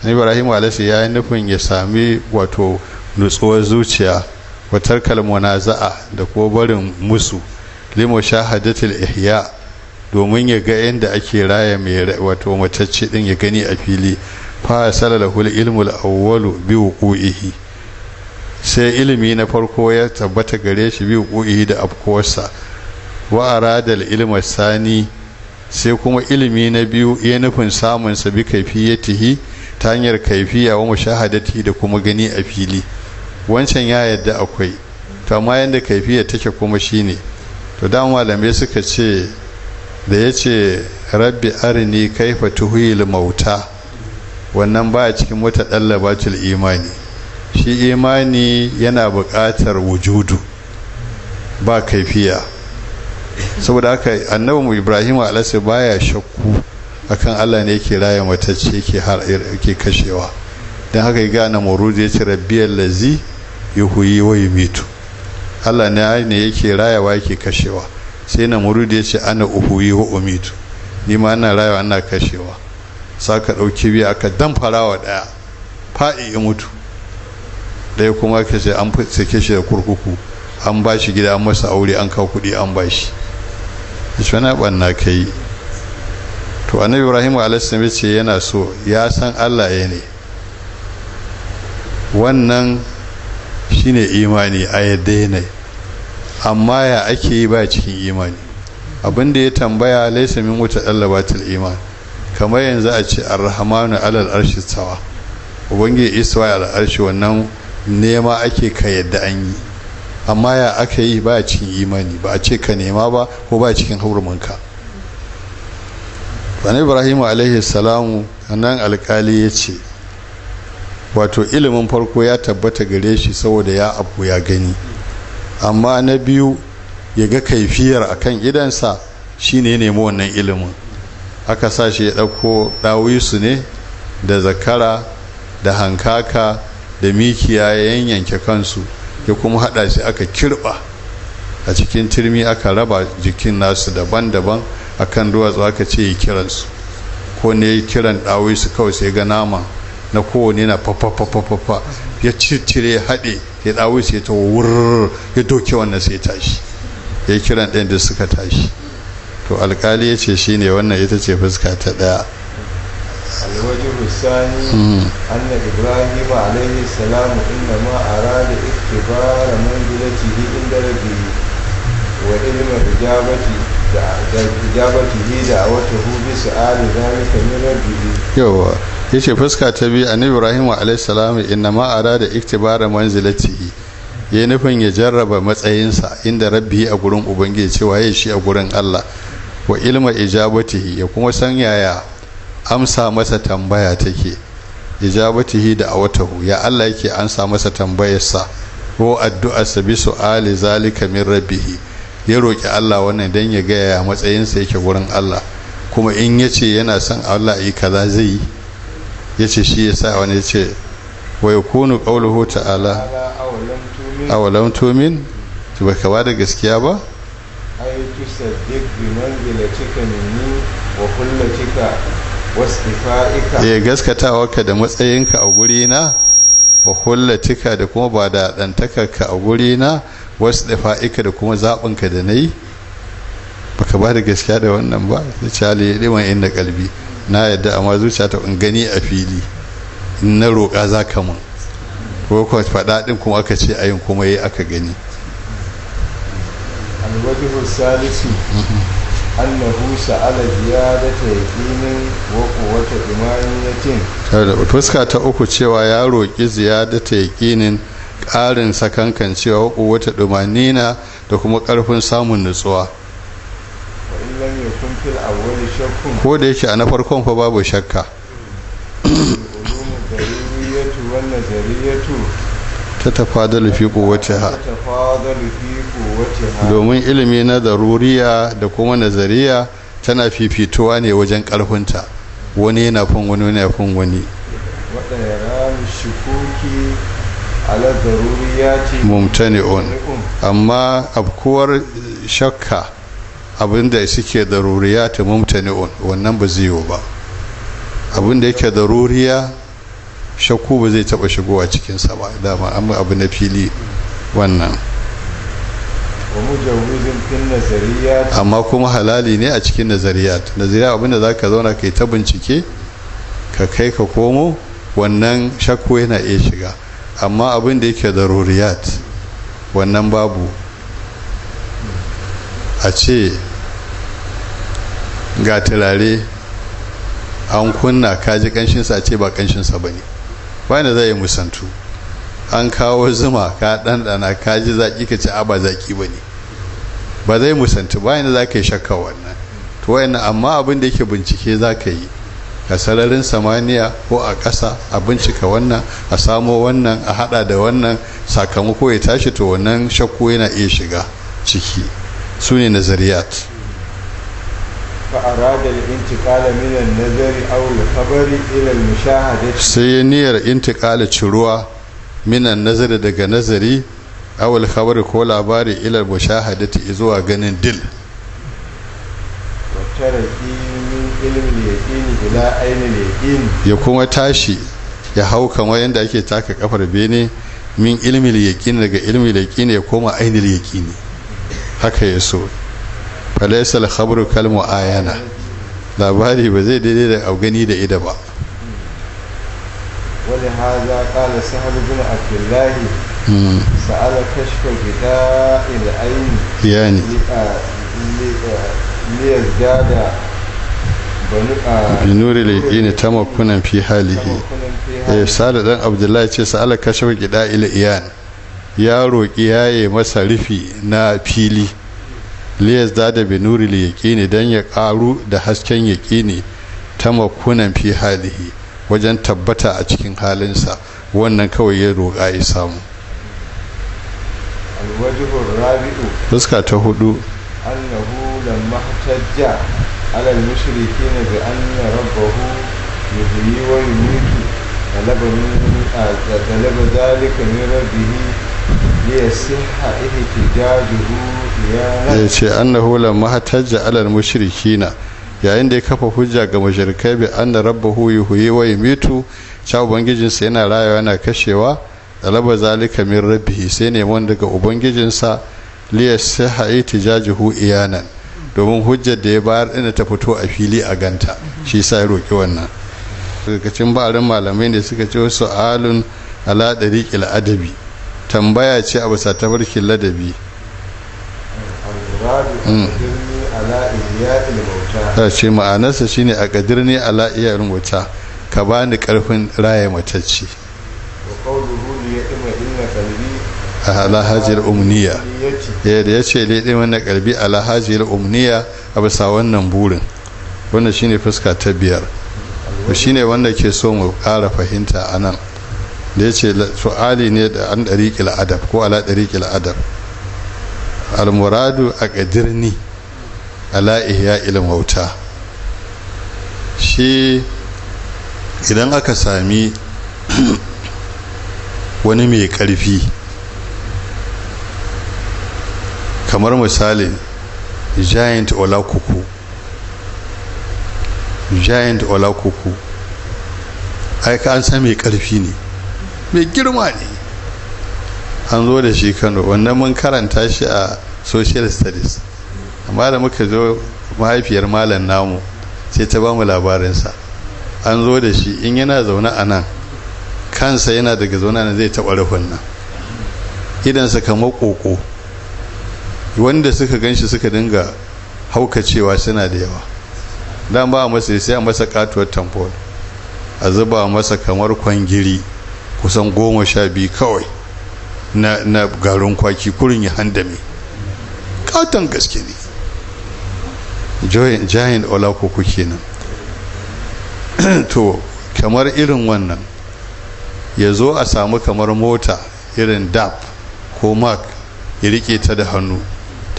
ibrahim alasi ya yi nufin ya sami wato nutsuwar zuciya watar kalmona za'a da ko barin musu limo shahadatul ihya domin ya ga yadda ake raya mai wato matacce din ya gani a fili fa salalahul ilmul awwalu bi wuqu'ihi sai ilimi na farko ya tabbata gare shi bi wuqu'ihi da afkuwarsa wa aradal sani sai kuma ilimi na biyu ya nufin samun sa bi tihi. ta hanyar kaifiya wa mushahadati da kuma gani a fili wancan ya yadda akwai to amma yadda kaifiya take kuma shine to da malamai suka ce da ya ce rabbi arini kaifa tuhil mauta wannan ba a cikin wata ɗallabatul imani shi imani yana buƙatar wujudu ba kaifiya saboda haka annabi mu ibrahim alaihi baya shakku akan Allah ne yake raya matacce yake har yake kashewa dan haka ya gane murudi yace rabbiyal lazi yuhyi wa yumitu Allah ne ne yake rayawa yake kashewa sai na murudi yace ana uhuyi wa umitu ni ma ana rayawa ana kashewa saka dauki biya aka farawa daya fa'i ya mutu daya kuma ka ce an shi da kurkuku an bashi gida an masa aure an kawo kuɗi an bashi shi shi wani ɓanna kai to annabi ibrahim alaihissalam ce yana so ya san allah ya ne wannan shine imani a yadda yanayi amma ya ake yi ba cikin imani abinda ya tambaya laisa min wuta ɗallabatul iman kamar yanzu a ce arhamanu alal arshi tsawa ubangi iswa al arshi wannan nema ake ka yadda an yi amma ya aka yi ba cikin imani ba a ce ka nema ba ko ba cikin ka. bani ibrahim alaihi salamu nan alkali ya ce wato ilimin farko ya tabbata gare shi saboda ya abu ya gani amma na biyu ya ga kaifiyar a kan idansa shine ne nemi wannan ilimin aka sa shi ya ɗauko ɗawisu ne da zakara da hankaka da mikiya ya yanyanke kansu ya kuma haɗa shi aka kirɓa a cikin turmi aka raba jikin nasu daban-daban akan duwatsu aka ce yi kiransu ko ne yi kiran ɗawai su kawai sai ga nama na kowane na fafafafafafa ya cire ya haɗe ya ɗawai sai ta wurr ya doke wannan sai tashi ya yi kiran ɗayan da suka tashi to alkali ya ce shi ne wannan ita ce fuska ta ɗaya الوجه الثاني أن إبراهيم عليه السلام إنما أراد اختبار منزلته عند wa وعلم إجابته da da fuska ta biyu annabi ibrahim alayhi ina inna ma'ara da iktibara manzilati ya nufin ya jarraba matsayinsa inda rabbi a gurin ubangiji cewa ya shi a gurin Allah wa ilma ijabatihi ya kuma san yaya amsa masa tambaya take ijabatihi da awatahu ya Allah yake amsa masa tambayarsa ko addu'arsa bisu ali zalika min rabbihi ya roƙi Allah wannan don ya gaya matsayinsa yake wurin Allah kuma in ya ce yana son Allah yi kaza zai yi ya ce shi ya sa wani ya ce wa ya kunu ƙaunuhu ta'ala a walam tumin ba ka ba da gaskiya ba ya gaskatawa ka da matsayinka a guri na wa hullatika da kuma ba da ɗantakarka a guri na wasu dafa'ika da kuma zaɓinka da na yi baka ba da gaskiya da wannan ba sai cali ya liman inda kalbi na yadda amma zuciya ta in gani a fili in na roƙa za ka mun ko kuwa faɗa ɗin kuma aka ce a yin kuma yi aka gani alwajihu salisu mm-hmm. annahu sa'ala ziyadata yaqinin wa quwwata imaniyatin fuska ta uku cewa ya roƙi ziyadata yaqinin ƙarin sakankan cewa wata dumanina da kuma ƙarfin samun nutsuwa ko da yake a na farkon fa babu shakka ta tafadalu fi ha domin ilimi na zaruriya da kuma nazariya tana fifituwa ne wajen ƙarfinta wani yana fin wani wani yana fin wani mumtani'un amma abkuwar shakka abinda suke daruriya ta mumtani'un wannan ba zai yiwu ba abinda yake daruriya shakku ba zai taba shigowa cikinsa ba dama amma abu na fili wannan amma kuma halali ne a cikin nazariyat nazariya abinda za ka zauna ka yi ta bincike ka kai ka komo wannan shakku yana iya shiga amma abin da yake ruriyat wannan babu a ce ga turare an kunna kaji kanshinsa a ce ba kanshinsa ba ne wani zai musantu an kawo zuma ka ɗanɗana kaji zaƙi ka ci ba zaƙi ba ne ba zai musantu bayan za ka yi shakka wannan to wayannan amma abin da yake bincike za ka yi a sararin samaniya ko a ƙasa a bincika wannan a samo wannan a hada da wannan sakamako ya tashi to wannan shakku yana iya shiga ciki su ne nazariyat sai niyyar intikala ciruwa minan nazari daga nazari awul khabari ko labari ilal mushahadati zuwa ganin dil ya kuma tashi ya hau kamar yadda ake taka kafar bene min ilmin yaqin daga ilmin yaqin ya koma ainil yaqin haka ya so falaisal khabru kal muayana labari ba zai daidai da augani da ida ba wani ولهذا قال سهل بن عبد الله سأل كشف غذاء العين يعني ليزداد binuri binuril ta makunan fi halihi sa eh, sada dan abdullahi ce sa'ala kashafa gida ila iyan ya roki yaye masa rufi na fili liyas da da binuri yaqini dan ya karu da hasken ta makunan fi halihi wajen tabbata a cikin halinsa wannan kawai ya roƙa ya samu fuska ta hudu على المشركين بأن ربه يحيي ويميت طلب طلب ذلك من ربه ليصح احتجاجه يا ce annahu lamma hatajja alal mushrikina yayin da ya kafa hujja ga mushrikai bi rabba rabbahu yuhyi wa yumitu cha ubangijinsa yana rayuwa yana kashewa talaba zalika min rabbihi sai ne daga ubangijinsa liya sahha itijajuhu iyanan domin hujjar da ya bayar ina ta fito a fili a ganta shi sa ya roƙi wannan rikicin barin malamai ne suka ce wasu alun aladari ila adabi tambaya ce a bisa farkin ladabi hmm. ta ce ma'anarsa shine a ƙadirni ala iya wuta ka bani ƙarfin raya matacci ala umniya yadda eh, ya ce daidai wanda karbi ala hajiyar umniya a bisa wannan burin wanda shine fuska ta biyar shine wanda ke so mu kara fahimta a nan da ya ce su'ali ne da an dariƙi adab ko ala dariƙi adab almuradu a ƙadirni ala ihya ilin wauta shi idan aka sami wani mai ƙarfi kamar misali giant olakuku giant olakuku ai an san mai karfi ne mai girma ne an zo da shi kano wannan mun karanta shi a social studies amma da muka zo mahaifiyar malam namu sai ta ba mu labarinsa an zo da shi in yana zaune a nan kansa yana daga zaune nan zai taɓa rufin nan idansa kamar ƙoƙo wanda suka ganshi suka dinga haukacewa suna da yawa dan ba masa sai a masa katuwar tamfol a zuba masa kamar kwangiri kusan goma sha biyu kawai na, na garin kwaki kurin ya handame katon gaske ne giant olakoko kenan to kamar irin wannan ya zo a samu kamar mota irin dap ko mark ya rike ta da hannu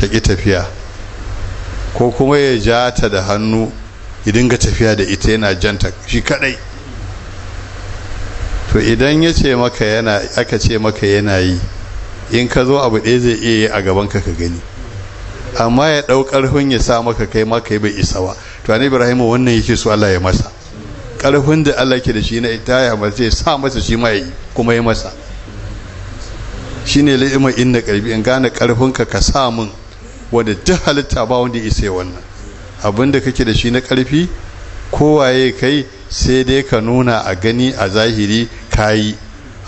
ta ƙi tafiya ko kuma ya ja ta da hannu ya dinga tafiya da ita yana janta shi kadai to idan ya ce maka yana aka ce maka yana yi in ka zo abu ɗaya zai iya yi a gaban ka ka gani amma ya ɗau ƙarfin ya sa maka kai maka bai isa ba to an ibrahimu wannan yake su Allah ya masa ƙarfin da Allah ke da shi na ita ya mace sa masa shi ma ya yi kuma ya masa shine la'ima inna qalbi in gane ƙarfinka ka sa min wanda duk halitta ba wanda isa yi wannan abinda kake da shi na ƙarfi kowaye kai sai dai ka nuna a gani a zahiri kayi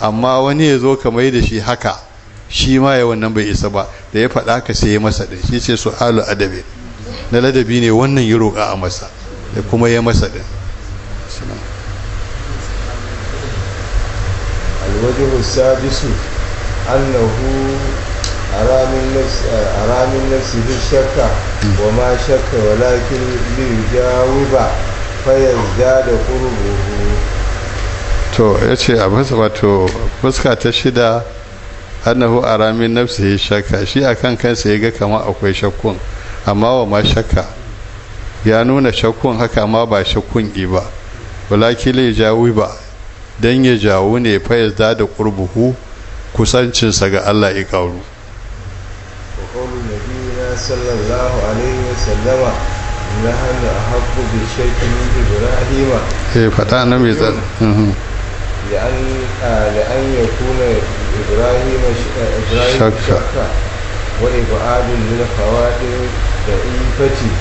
amma wani ya zo ka mai da shi haka shi ma ya wannan bai isa ba da ya faɗa ka sai masa ɗin shi ce su'alu adabi na ladabi ne wannan ya roƙa a masa da kuma ya masa ɗin sabisu Eh, wa ma shakka الشك وما شك ولكن da da قربه to ya ce a wato fuska ta shida annahu aramin ya shakka shi akan kansa ya ga kama akwai shakkun amma wa ma shakka ya nuna shakkun haka amma ba shakkun ɗi ba walaki lai jawi ba dan ya jawo ne fa ya da kurbuhu kusancinsa ga Allah ya kawo sallallahu alaihi wasallama na hannu a eh, haku bi nuna fawaɗe da ifaci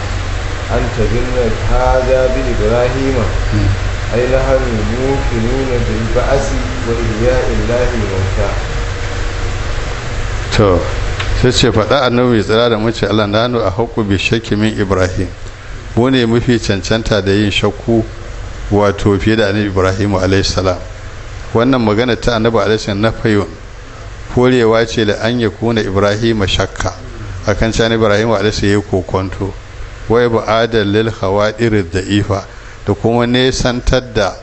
ta ce faɗa annabi mai tsira da mace Allah na hannu a haƙu bi shakki min Ibrahim mu ne mafi cancanta da yin shakku wato fiye da annabi Ibrahim alaihissalam wannan magana ta annabi alaihissalam na fayon korewa ce da an ya kuna Ibrahim shakka akan can Ibrahim alaihissalam ya kokonto wai ba adal lil hawadir da'ifa da kuma nesantar da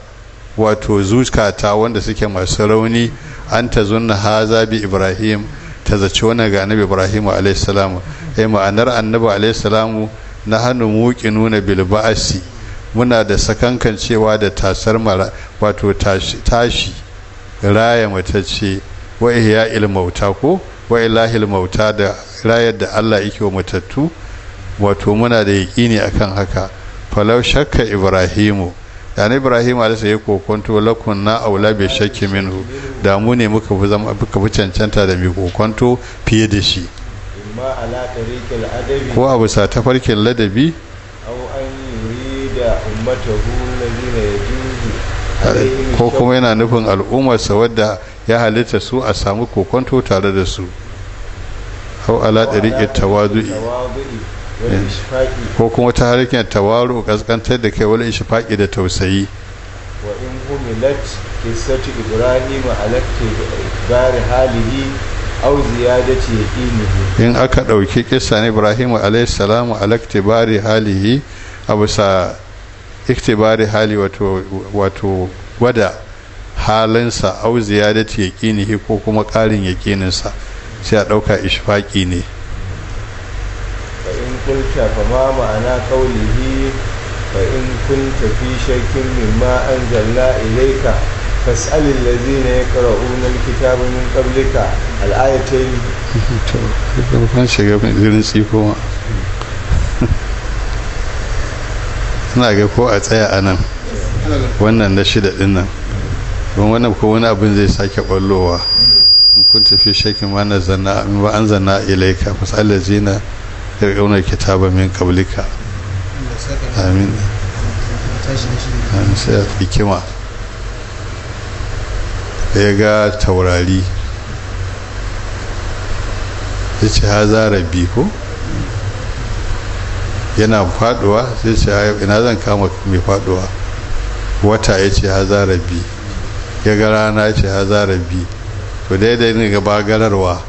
wato zukata wanda suke masu rauni an ta zunna haza bi Ibrahim ta zace wani ga annabi ibrahim alayhi ya eh, ma'anar annabi alayhi na hannu muƙi nuna bilba'asi muna da sakankan cewa da tasar mara wato tashi raya matacce wa ihya ilmauta ko wa ilahil mauta da rayar da Allah yake wa matattu wato muna da yaƙini akan haka falau shakka ibrahimu yana ibrahim alisa ya kokonto lakun na aula bai shakki minhu da mu ne muka fi zama fi cancanta da mai kokonto fiye da shi ko sa ta farkin ladabi ko kuma yana nufin al'ummarsa wadda ya halitta su a samu kokonto tare da su hau ala ɗariƙe tawadu'i ko kuma ta harkar tawaru kaskantar da kai wal ishfaqi da tausayi wa in humilat qissatu ibrahim ala bari halihi aw ziyadati yaqinihi in aka dauki kissan ibrahim alayhi salamu ala bari halihi abu sa iktibari hali wato wato gwada halinsa au ziyadati yaqinihi ko kuma karin sa sai a dauka ishfaqi ne kulta fa ma ma'ana qawlihi fa in kunta fi shakkin mimma anzalna ilayka fas'al allazina yaqra'una alkitaba min qablika al-ayatayn to kan kan shiga irin tsiko ina ga ko a tsaya anan wannan na shida dinnan don wannan ko wani abin zai sake kwallowa in kun tafi shakin ma na zanna an zanna ilaika fas'al allazina يرقون الكتاب من قبلك آمين آمين سيئة بكما يقى تورالي yace haza rabbi ko yana faduwa sai ce ina zan kama mai faduwa wata ya ce haza rabbi ya ga rana ya ce haza rabbi to daidai ne gaba gararwa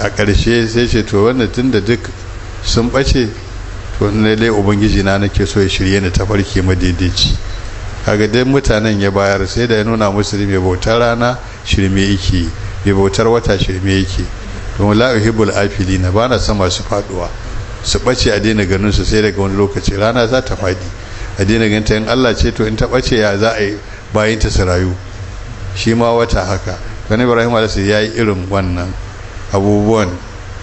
a ƙarshe sai ce to wannan tun da duk sun ɓace to lai ubangiji na nake so ya shirye ni tafarki madaidaici kaga dai mutanen ya bayar sai da ya nuna musu mai bautar rana shirme yake mai bautar wata shirme yake don la'a hibul afili ba na son masu faduwa su ɓace a daina ganin su sai daga wani lokaci rana za ta faɗi a daina ta in Allah ce to in ta ɓace ya za a yi bayan ta su rayu shi ma wata haka wani ibrahim alaihi ya yi irin wannan abubuwan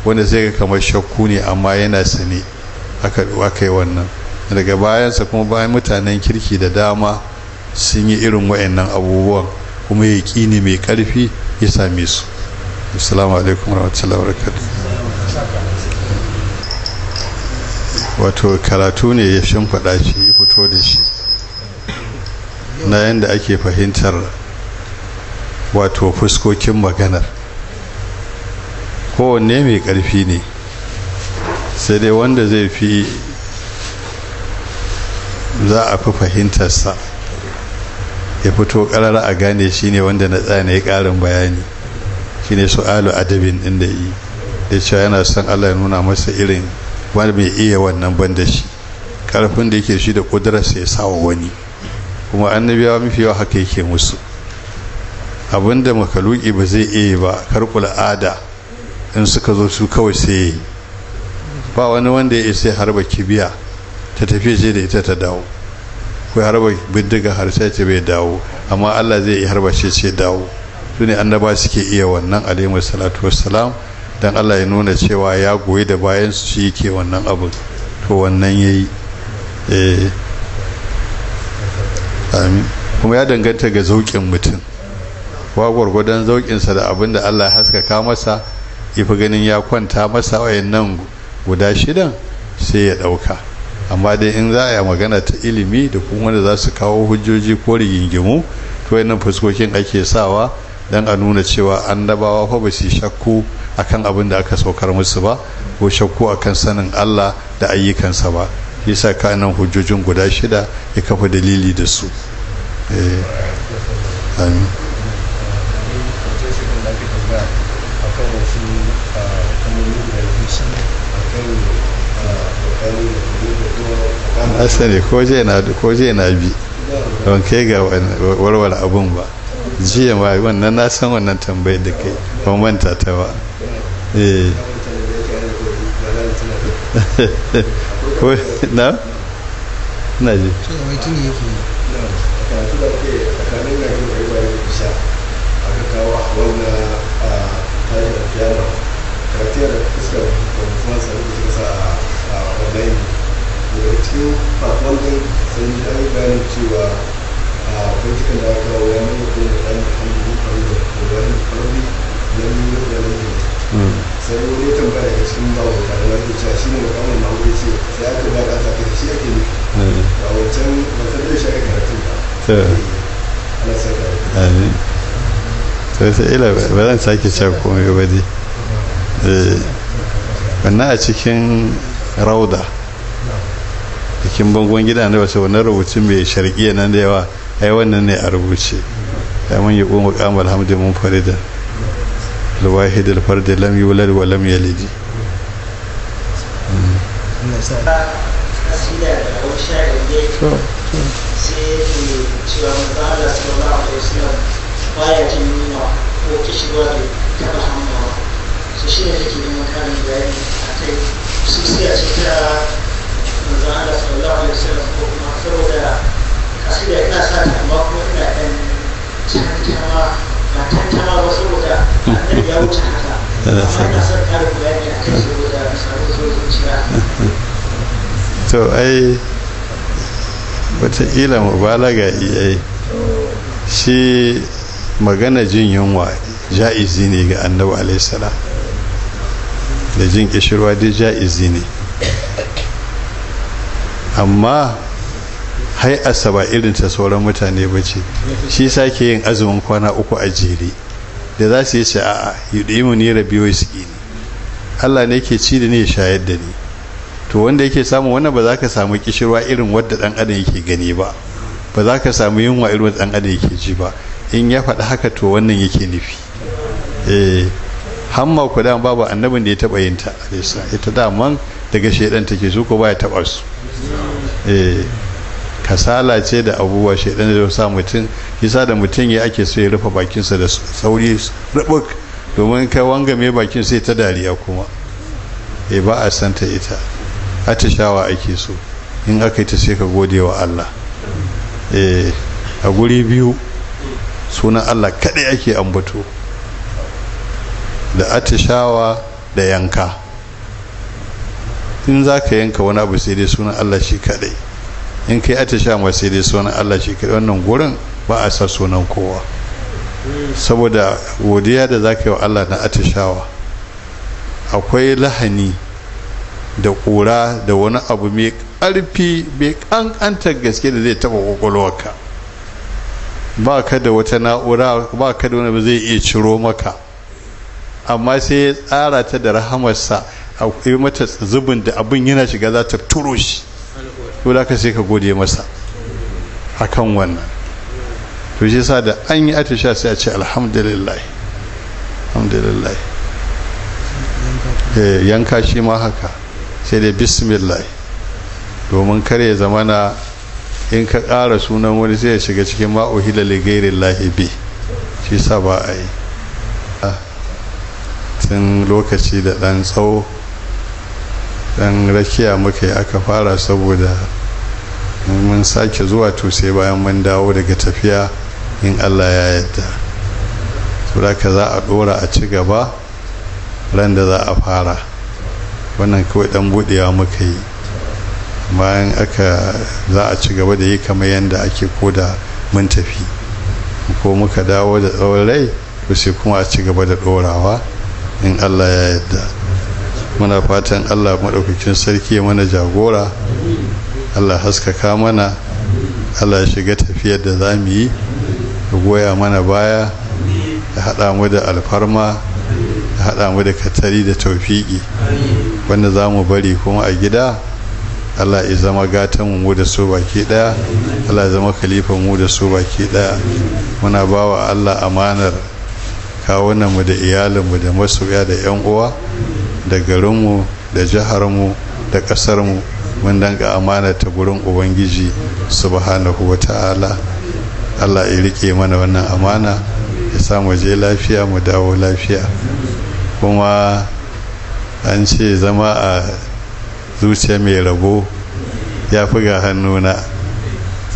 wanda zai ga kamar shakku ne amma yana sane aka yi wannan daga bayansa kuma bayan mutanen kirki da dama sun yi irin wa'annan abubuwan kuma ya ne mai karfi ya same su assalamu alaikum warahmatullahi wabarakatuh wato karatu ne ya shimfiɗa shi ya fito da shi na yadda ake fahimtar wato fuskokin maganar kowanne mai ƙarfi ne sai dai wanda zai fi za a fi fahimtarsa ya fito ƙarara a gane shi ne wanda na tsana ya ƙarin bayani shi ne su'alu adabin inda yi da cewa yana son allah ya nuna masa irin wani mai iya wannan ban da shi ƙarfin da yake shi da ƙudurarsa ya sawa wani kuma annabiyawa mafi yawa haka yake musu abinda makaluki ba zai iya ba karkula ada in suka zo su kawai sai yi ba wani wanda ya isa harba kibiya ta tafi ce da ita ta dawo ko harba bindiga har sai ce bai dawo amma Allah zai yi harba ce ce dawo su ne annaba suke iya wannan alaihi salatu wassalam dan Allah ya nuna cewa ya goyi da bayan su yi yake wannan abu to wannan yayi eh amin kuma ya danganta ga zaukin mutum wa gwargwadon zaukinsa da abin da Allah ya haskaka masa ifa ganin ya kwanta masa nan guda shidan sai ya ɗauka amma dai in za a yi magana ta ilimi da kuma wanda za su kawo hujjoji ko rigingimu to wayannan fuskokin ake sawa dan a nuna cewa annabawa fa ba su shakku akan abin da aka saukar musu ba ko shakku akan sanin Allah da ayyukansa ba yasa kanan hujjojin guda shida ya kafa dalili da su eh, amin asali ko je na ko je na bi don kai ga warware abun ba jiya ma wannan na san wannan tambayi da kai ban manta ta ba eh ko na na ji tuni yake shi kawo cikin farkon din sai cewa a binciken da aka kawo ya nuna kuma da ɗan hannu hannu da wani biyu da na hmm. sai wani tambaya daga cikin bawa ta da lafiya cewa shi ne makamun na wuri ce sai aka ba da aka shi ake ne hmm. a wancan matar da shi karatu ba ana sai da to sai ila ba zan sake cewa komai ba dai eh, wannan a cikin rauda jikin bangon gida ne wasu wannan rubutun mai sharki nan da yawa ai wannan ne a rubuce ya mun yi umma kamal hamdi mun farida alwahid alfard lam yulad wa lam yalid su shi ne take neman karin bayani a kai su manzon Allah sallallahu alaihi wasallam ko kuma saboda kasida ina sa ta amma kuma ina dan tantama ba tantama ba saboda annabi ya wuce haka amma ina son kare bayani akan saboda samu zo zuciya to ai wataƙila mubalaga iya shi magana jin yunwa ja'izi ne ga annabi alaihissalam da jin kishirwa dai ja'izi ne amma hai asaba irin ta sauran mutane ba ce shi sake yin azumin kwana uku a jere da za su yi ce a'a yudimu ni rabi wa ni Allah ne ke ci da ni ya shayar da ni to wanda yake samu wannan ba za ka samu kishirwa irin wadda dan adam yake gani ba ba za ka samu yunwa irin wadda dan adam yake ji ba in ya faɗi haka to wannan yake nufi eh hamma ku da babu annabin da ya taɓa yin ta ita daman daga shaidan take su ko baya taba su eh kasala ce da abubuwa shaidan da sa mutum yasa da mutum ya ake so ya rufe bakinsa da sauri rubuk domin kai wanga mai bakin sai ta dariya kuma eh ba a santa ita atishawa ake so in aka yi ta sai ka gode wa Allah eh a guri biyu sunan Allah kaɗai ake ambato da atishawa da yanka in za ka yanka wani abu sai dai sunan Allah shi kadai in kai atisha ma sai dai sunan Allah shi kadai wannan gurin ba a sa sunan kowa saboda godiya da za ka yi wa Allah na atishawa akwai lahani da ƙura da wani abu mai ƙarfi mai ƙanƙantar gaske da zai taɓa ƙwaƙwalwarka ba ka da wata na'ura ba ka da wani zai iya ciro maka amma sai ya tsara ta da rahamarsa akwai mata zubin da abin yana shiga za ta turo shi dole ka sai ka gode masa A kan wannan to shi sa da an yi atisha sai a ce alhamdulillah alhamdulillah ya eh, yanka shi ma haka sai da bismillah domin kare ya zamana in ka ƙara sunan wani sai ya shiga cikin ma'uhila ligairin lahibi shi sa ba a yi ah, tun lokaci da ɗan tsawo dan rakiya muka aka fara saboda mun sake zuwa to sai bayan mun dawo daga tafiya in allah ya yadda saboda za a dora a ci gaba ran da za a fara wannan kawai dan budewa muka yi bayan aka za a ci gaba da yi kamar yadda ake koda mun tafi ko muka dawo da tsawon rai to sai kuma a ci gaba da dorawa in allah ya yadda muna fatan allah maɗaukakin sarki mana jagora allah haskaka mana allah shiga tafiyar da za mu yi da goya mana baya da haɗa mu da alfarma da haɗa mu da katari da taufiƙi wanda za mu bari kuma a gida allah ya zama gatan mu da su baki ɗaya allah ya zama kalifan mu da su baki ɗaya muna ba wa allah amanar kawunanmu da iyalinmu da masoya da 'yan uwa da garinmu da jihar mu da mu mun danga amana ta gurin ubangiji subhanahu wa ta'ala allah ya rike mana wannan amana ya sa mu je lafiya mu dawo lafiya kuma an ce zama a zuciya mai rabo ya fi ga hannuna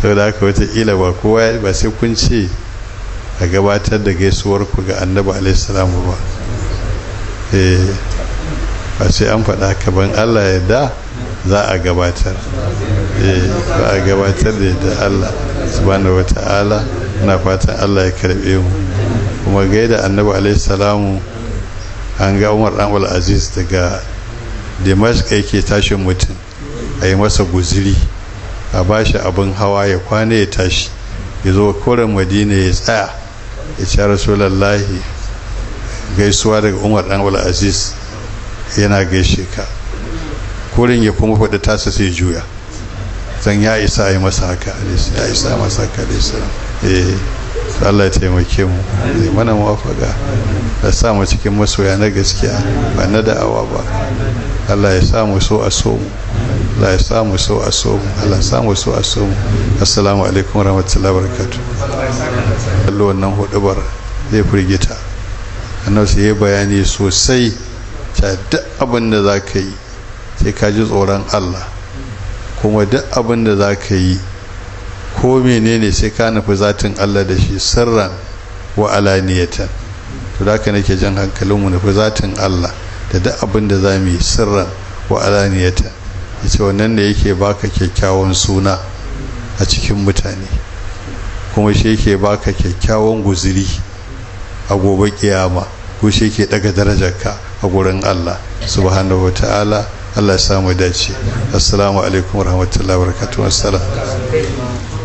sau da haka watakila ba kowa ba sai kun ce a gabatar da gaisuwar ku ga annabi alaihi salamu ba eh, ba sai an faɗa ka ban allah ya da za a gabatar eh, za a gabatar da da allah subhanahu wa ta'ala na fatan allah ya karɓe mu kuma gaida annabi alaihi salamu an ga umar dan aziz daga Damascus yake tashin mutum a yi masa guziri a bashi abin hawa ya kwana ya tashi ya zo koren madina ya tsaya ya ci Rasulullahi gaisuwa daga umar dan aziz yana gaishe ka kurin ya kuma faɗi tasa sai juya zan ya isa yi masa haka ya isa masa haka alaihissalam eh Allah ya taimake mu zai eh, mana mawafaka da sa mu cikin masoya na gaskiya ba na da'awa ba Allah ya sa mu so a so mu Allah ya sa mu so a so mu Allah ya sa mu so a so mu assalamu alaikum warahmatullahi wabarakatuh Allah wannan hudubar zai firgita annabi sai bayani sosai cewa duk abin da za ka yi sai ka ji tsoron allah kuma duk abin da za ka yi ko menene sai ka nufi zatin allah da shi sirran wa alaniyatan to da ka nake jan hankalinmu nufi zatin allah da duk abin da za mu yi sirran wa alaniyatan ya ce wannan da yake baka kyakkyawan suna a cikin mutane kuma shi yake baka kyakkyawan guziri a gobe kiyama ko shi yake daga darajarka a gurin Allah subhanahu wa ta'ala Allah ya samu dace assalamu alaikum warahmatullahi wabarakatuh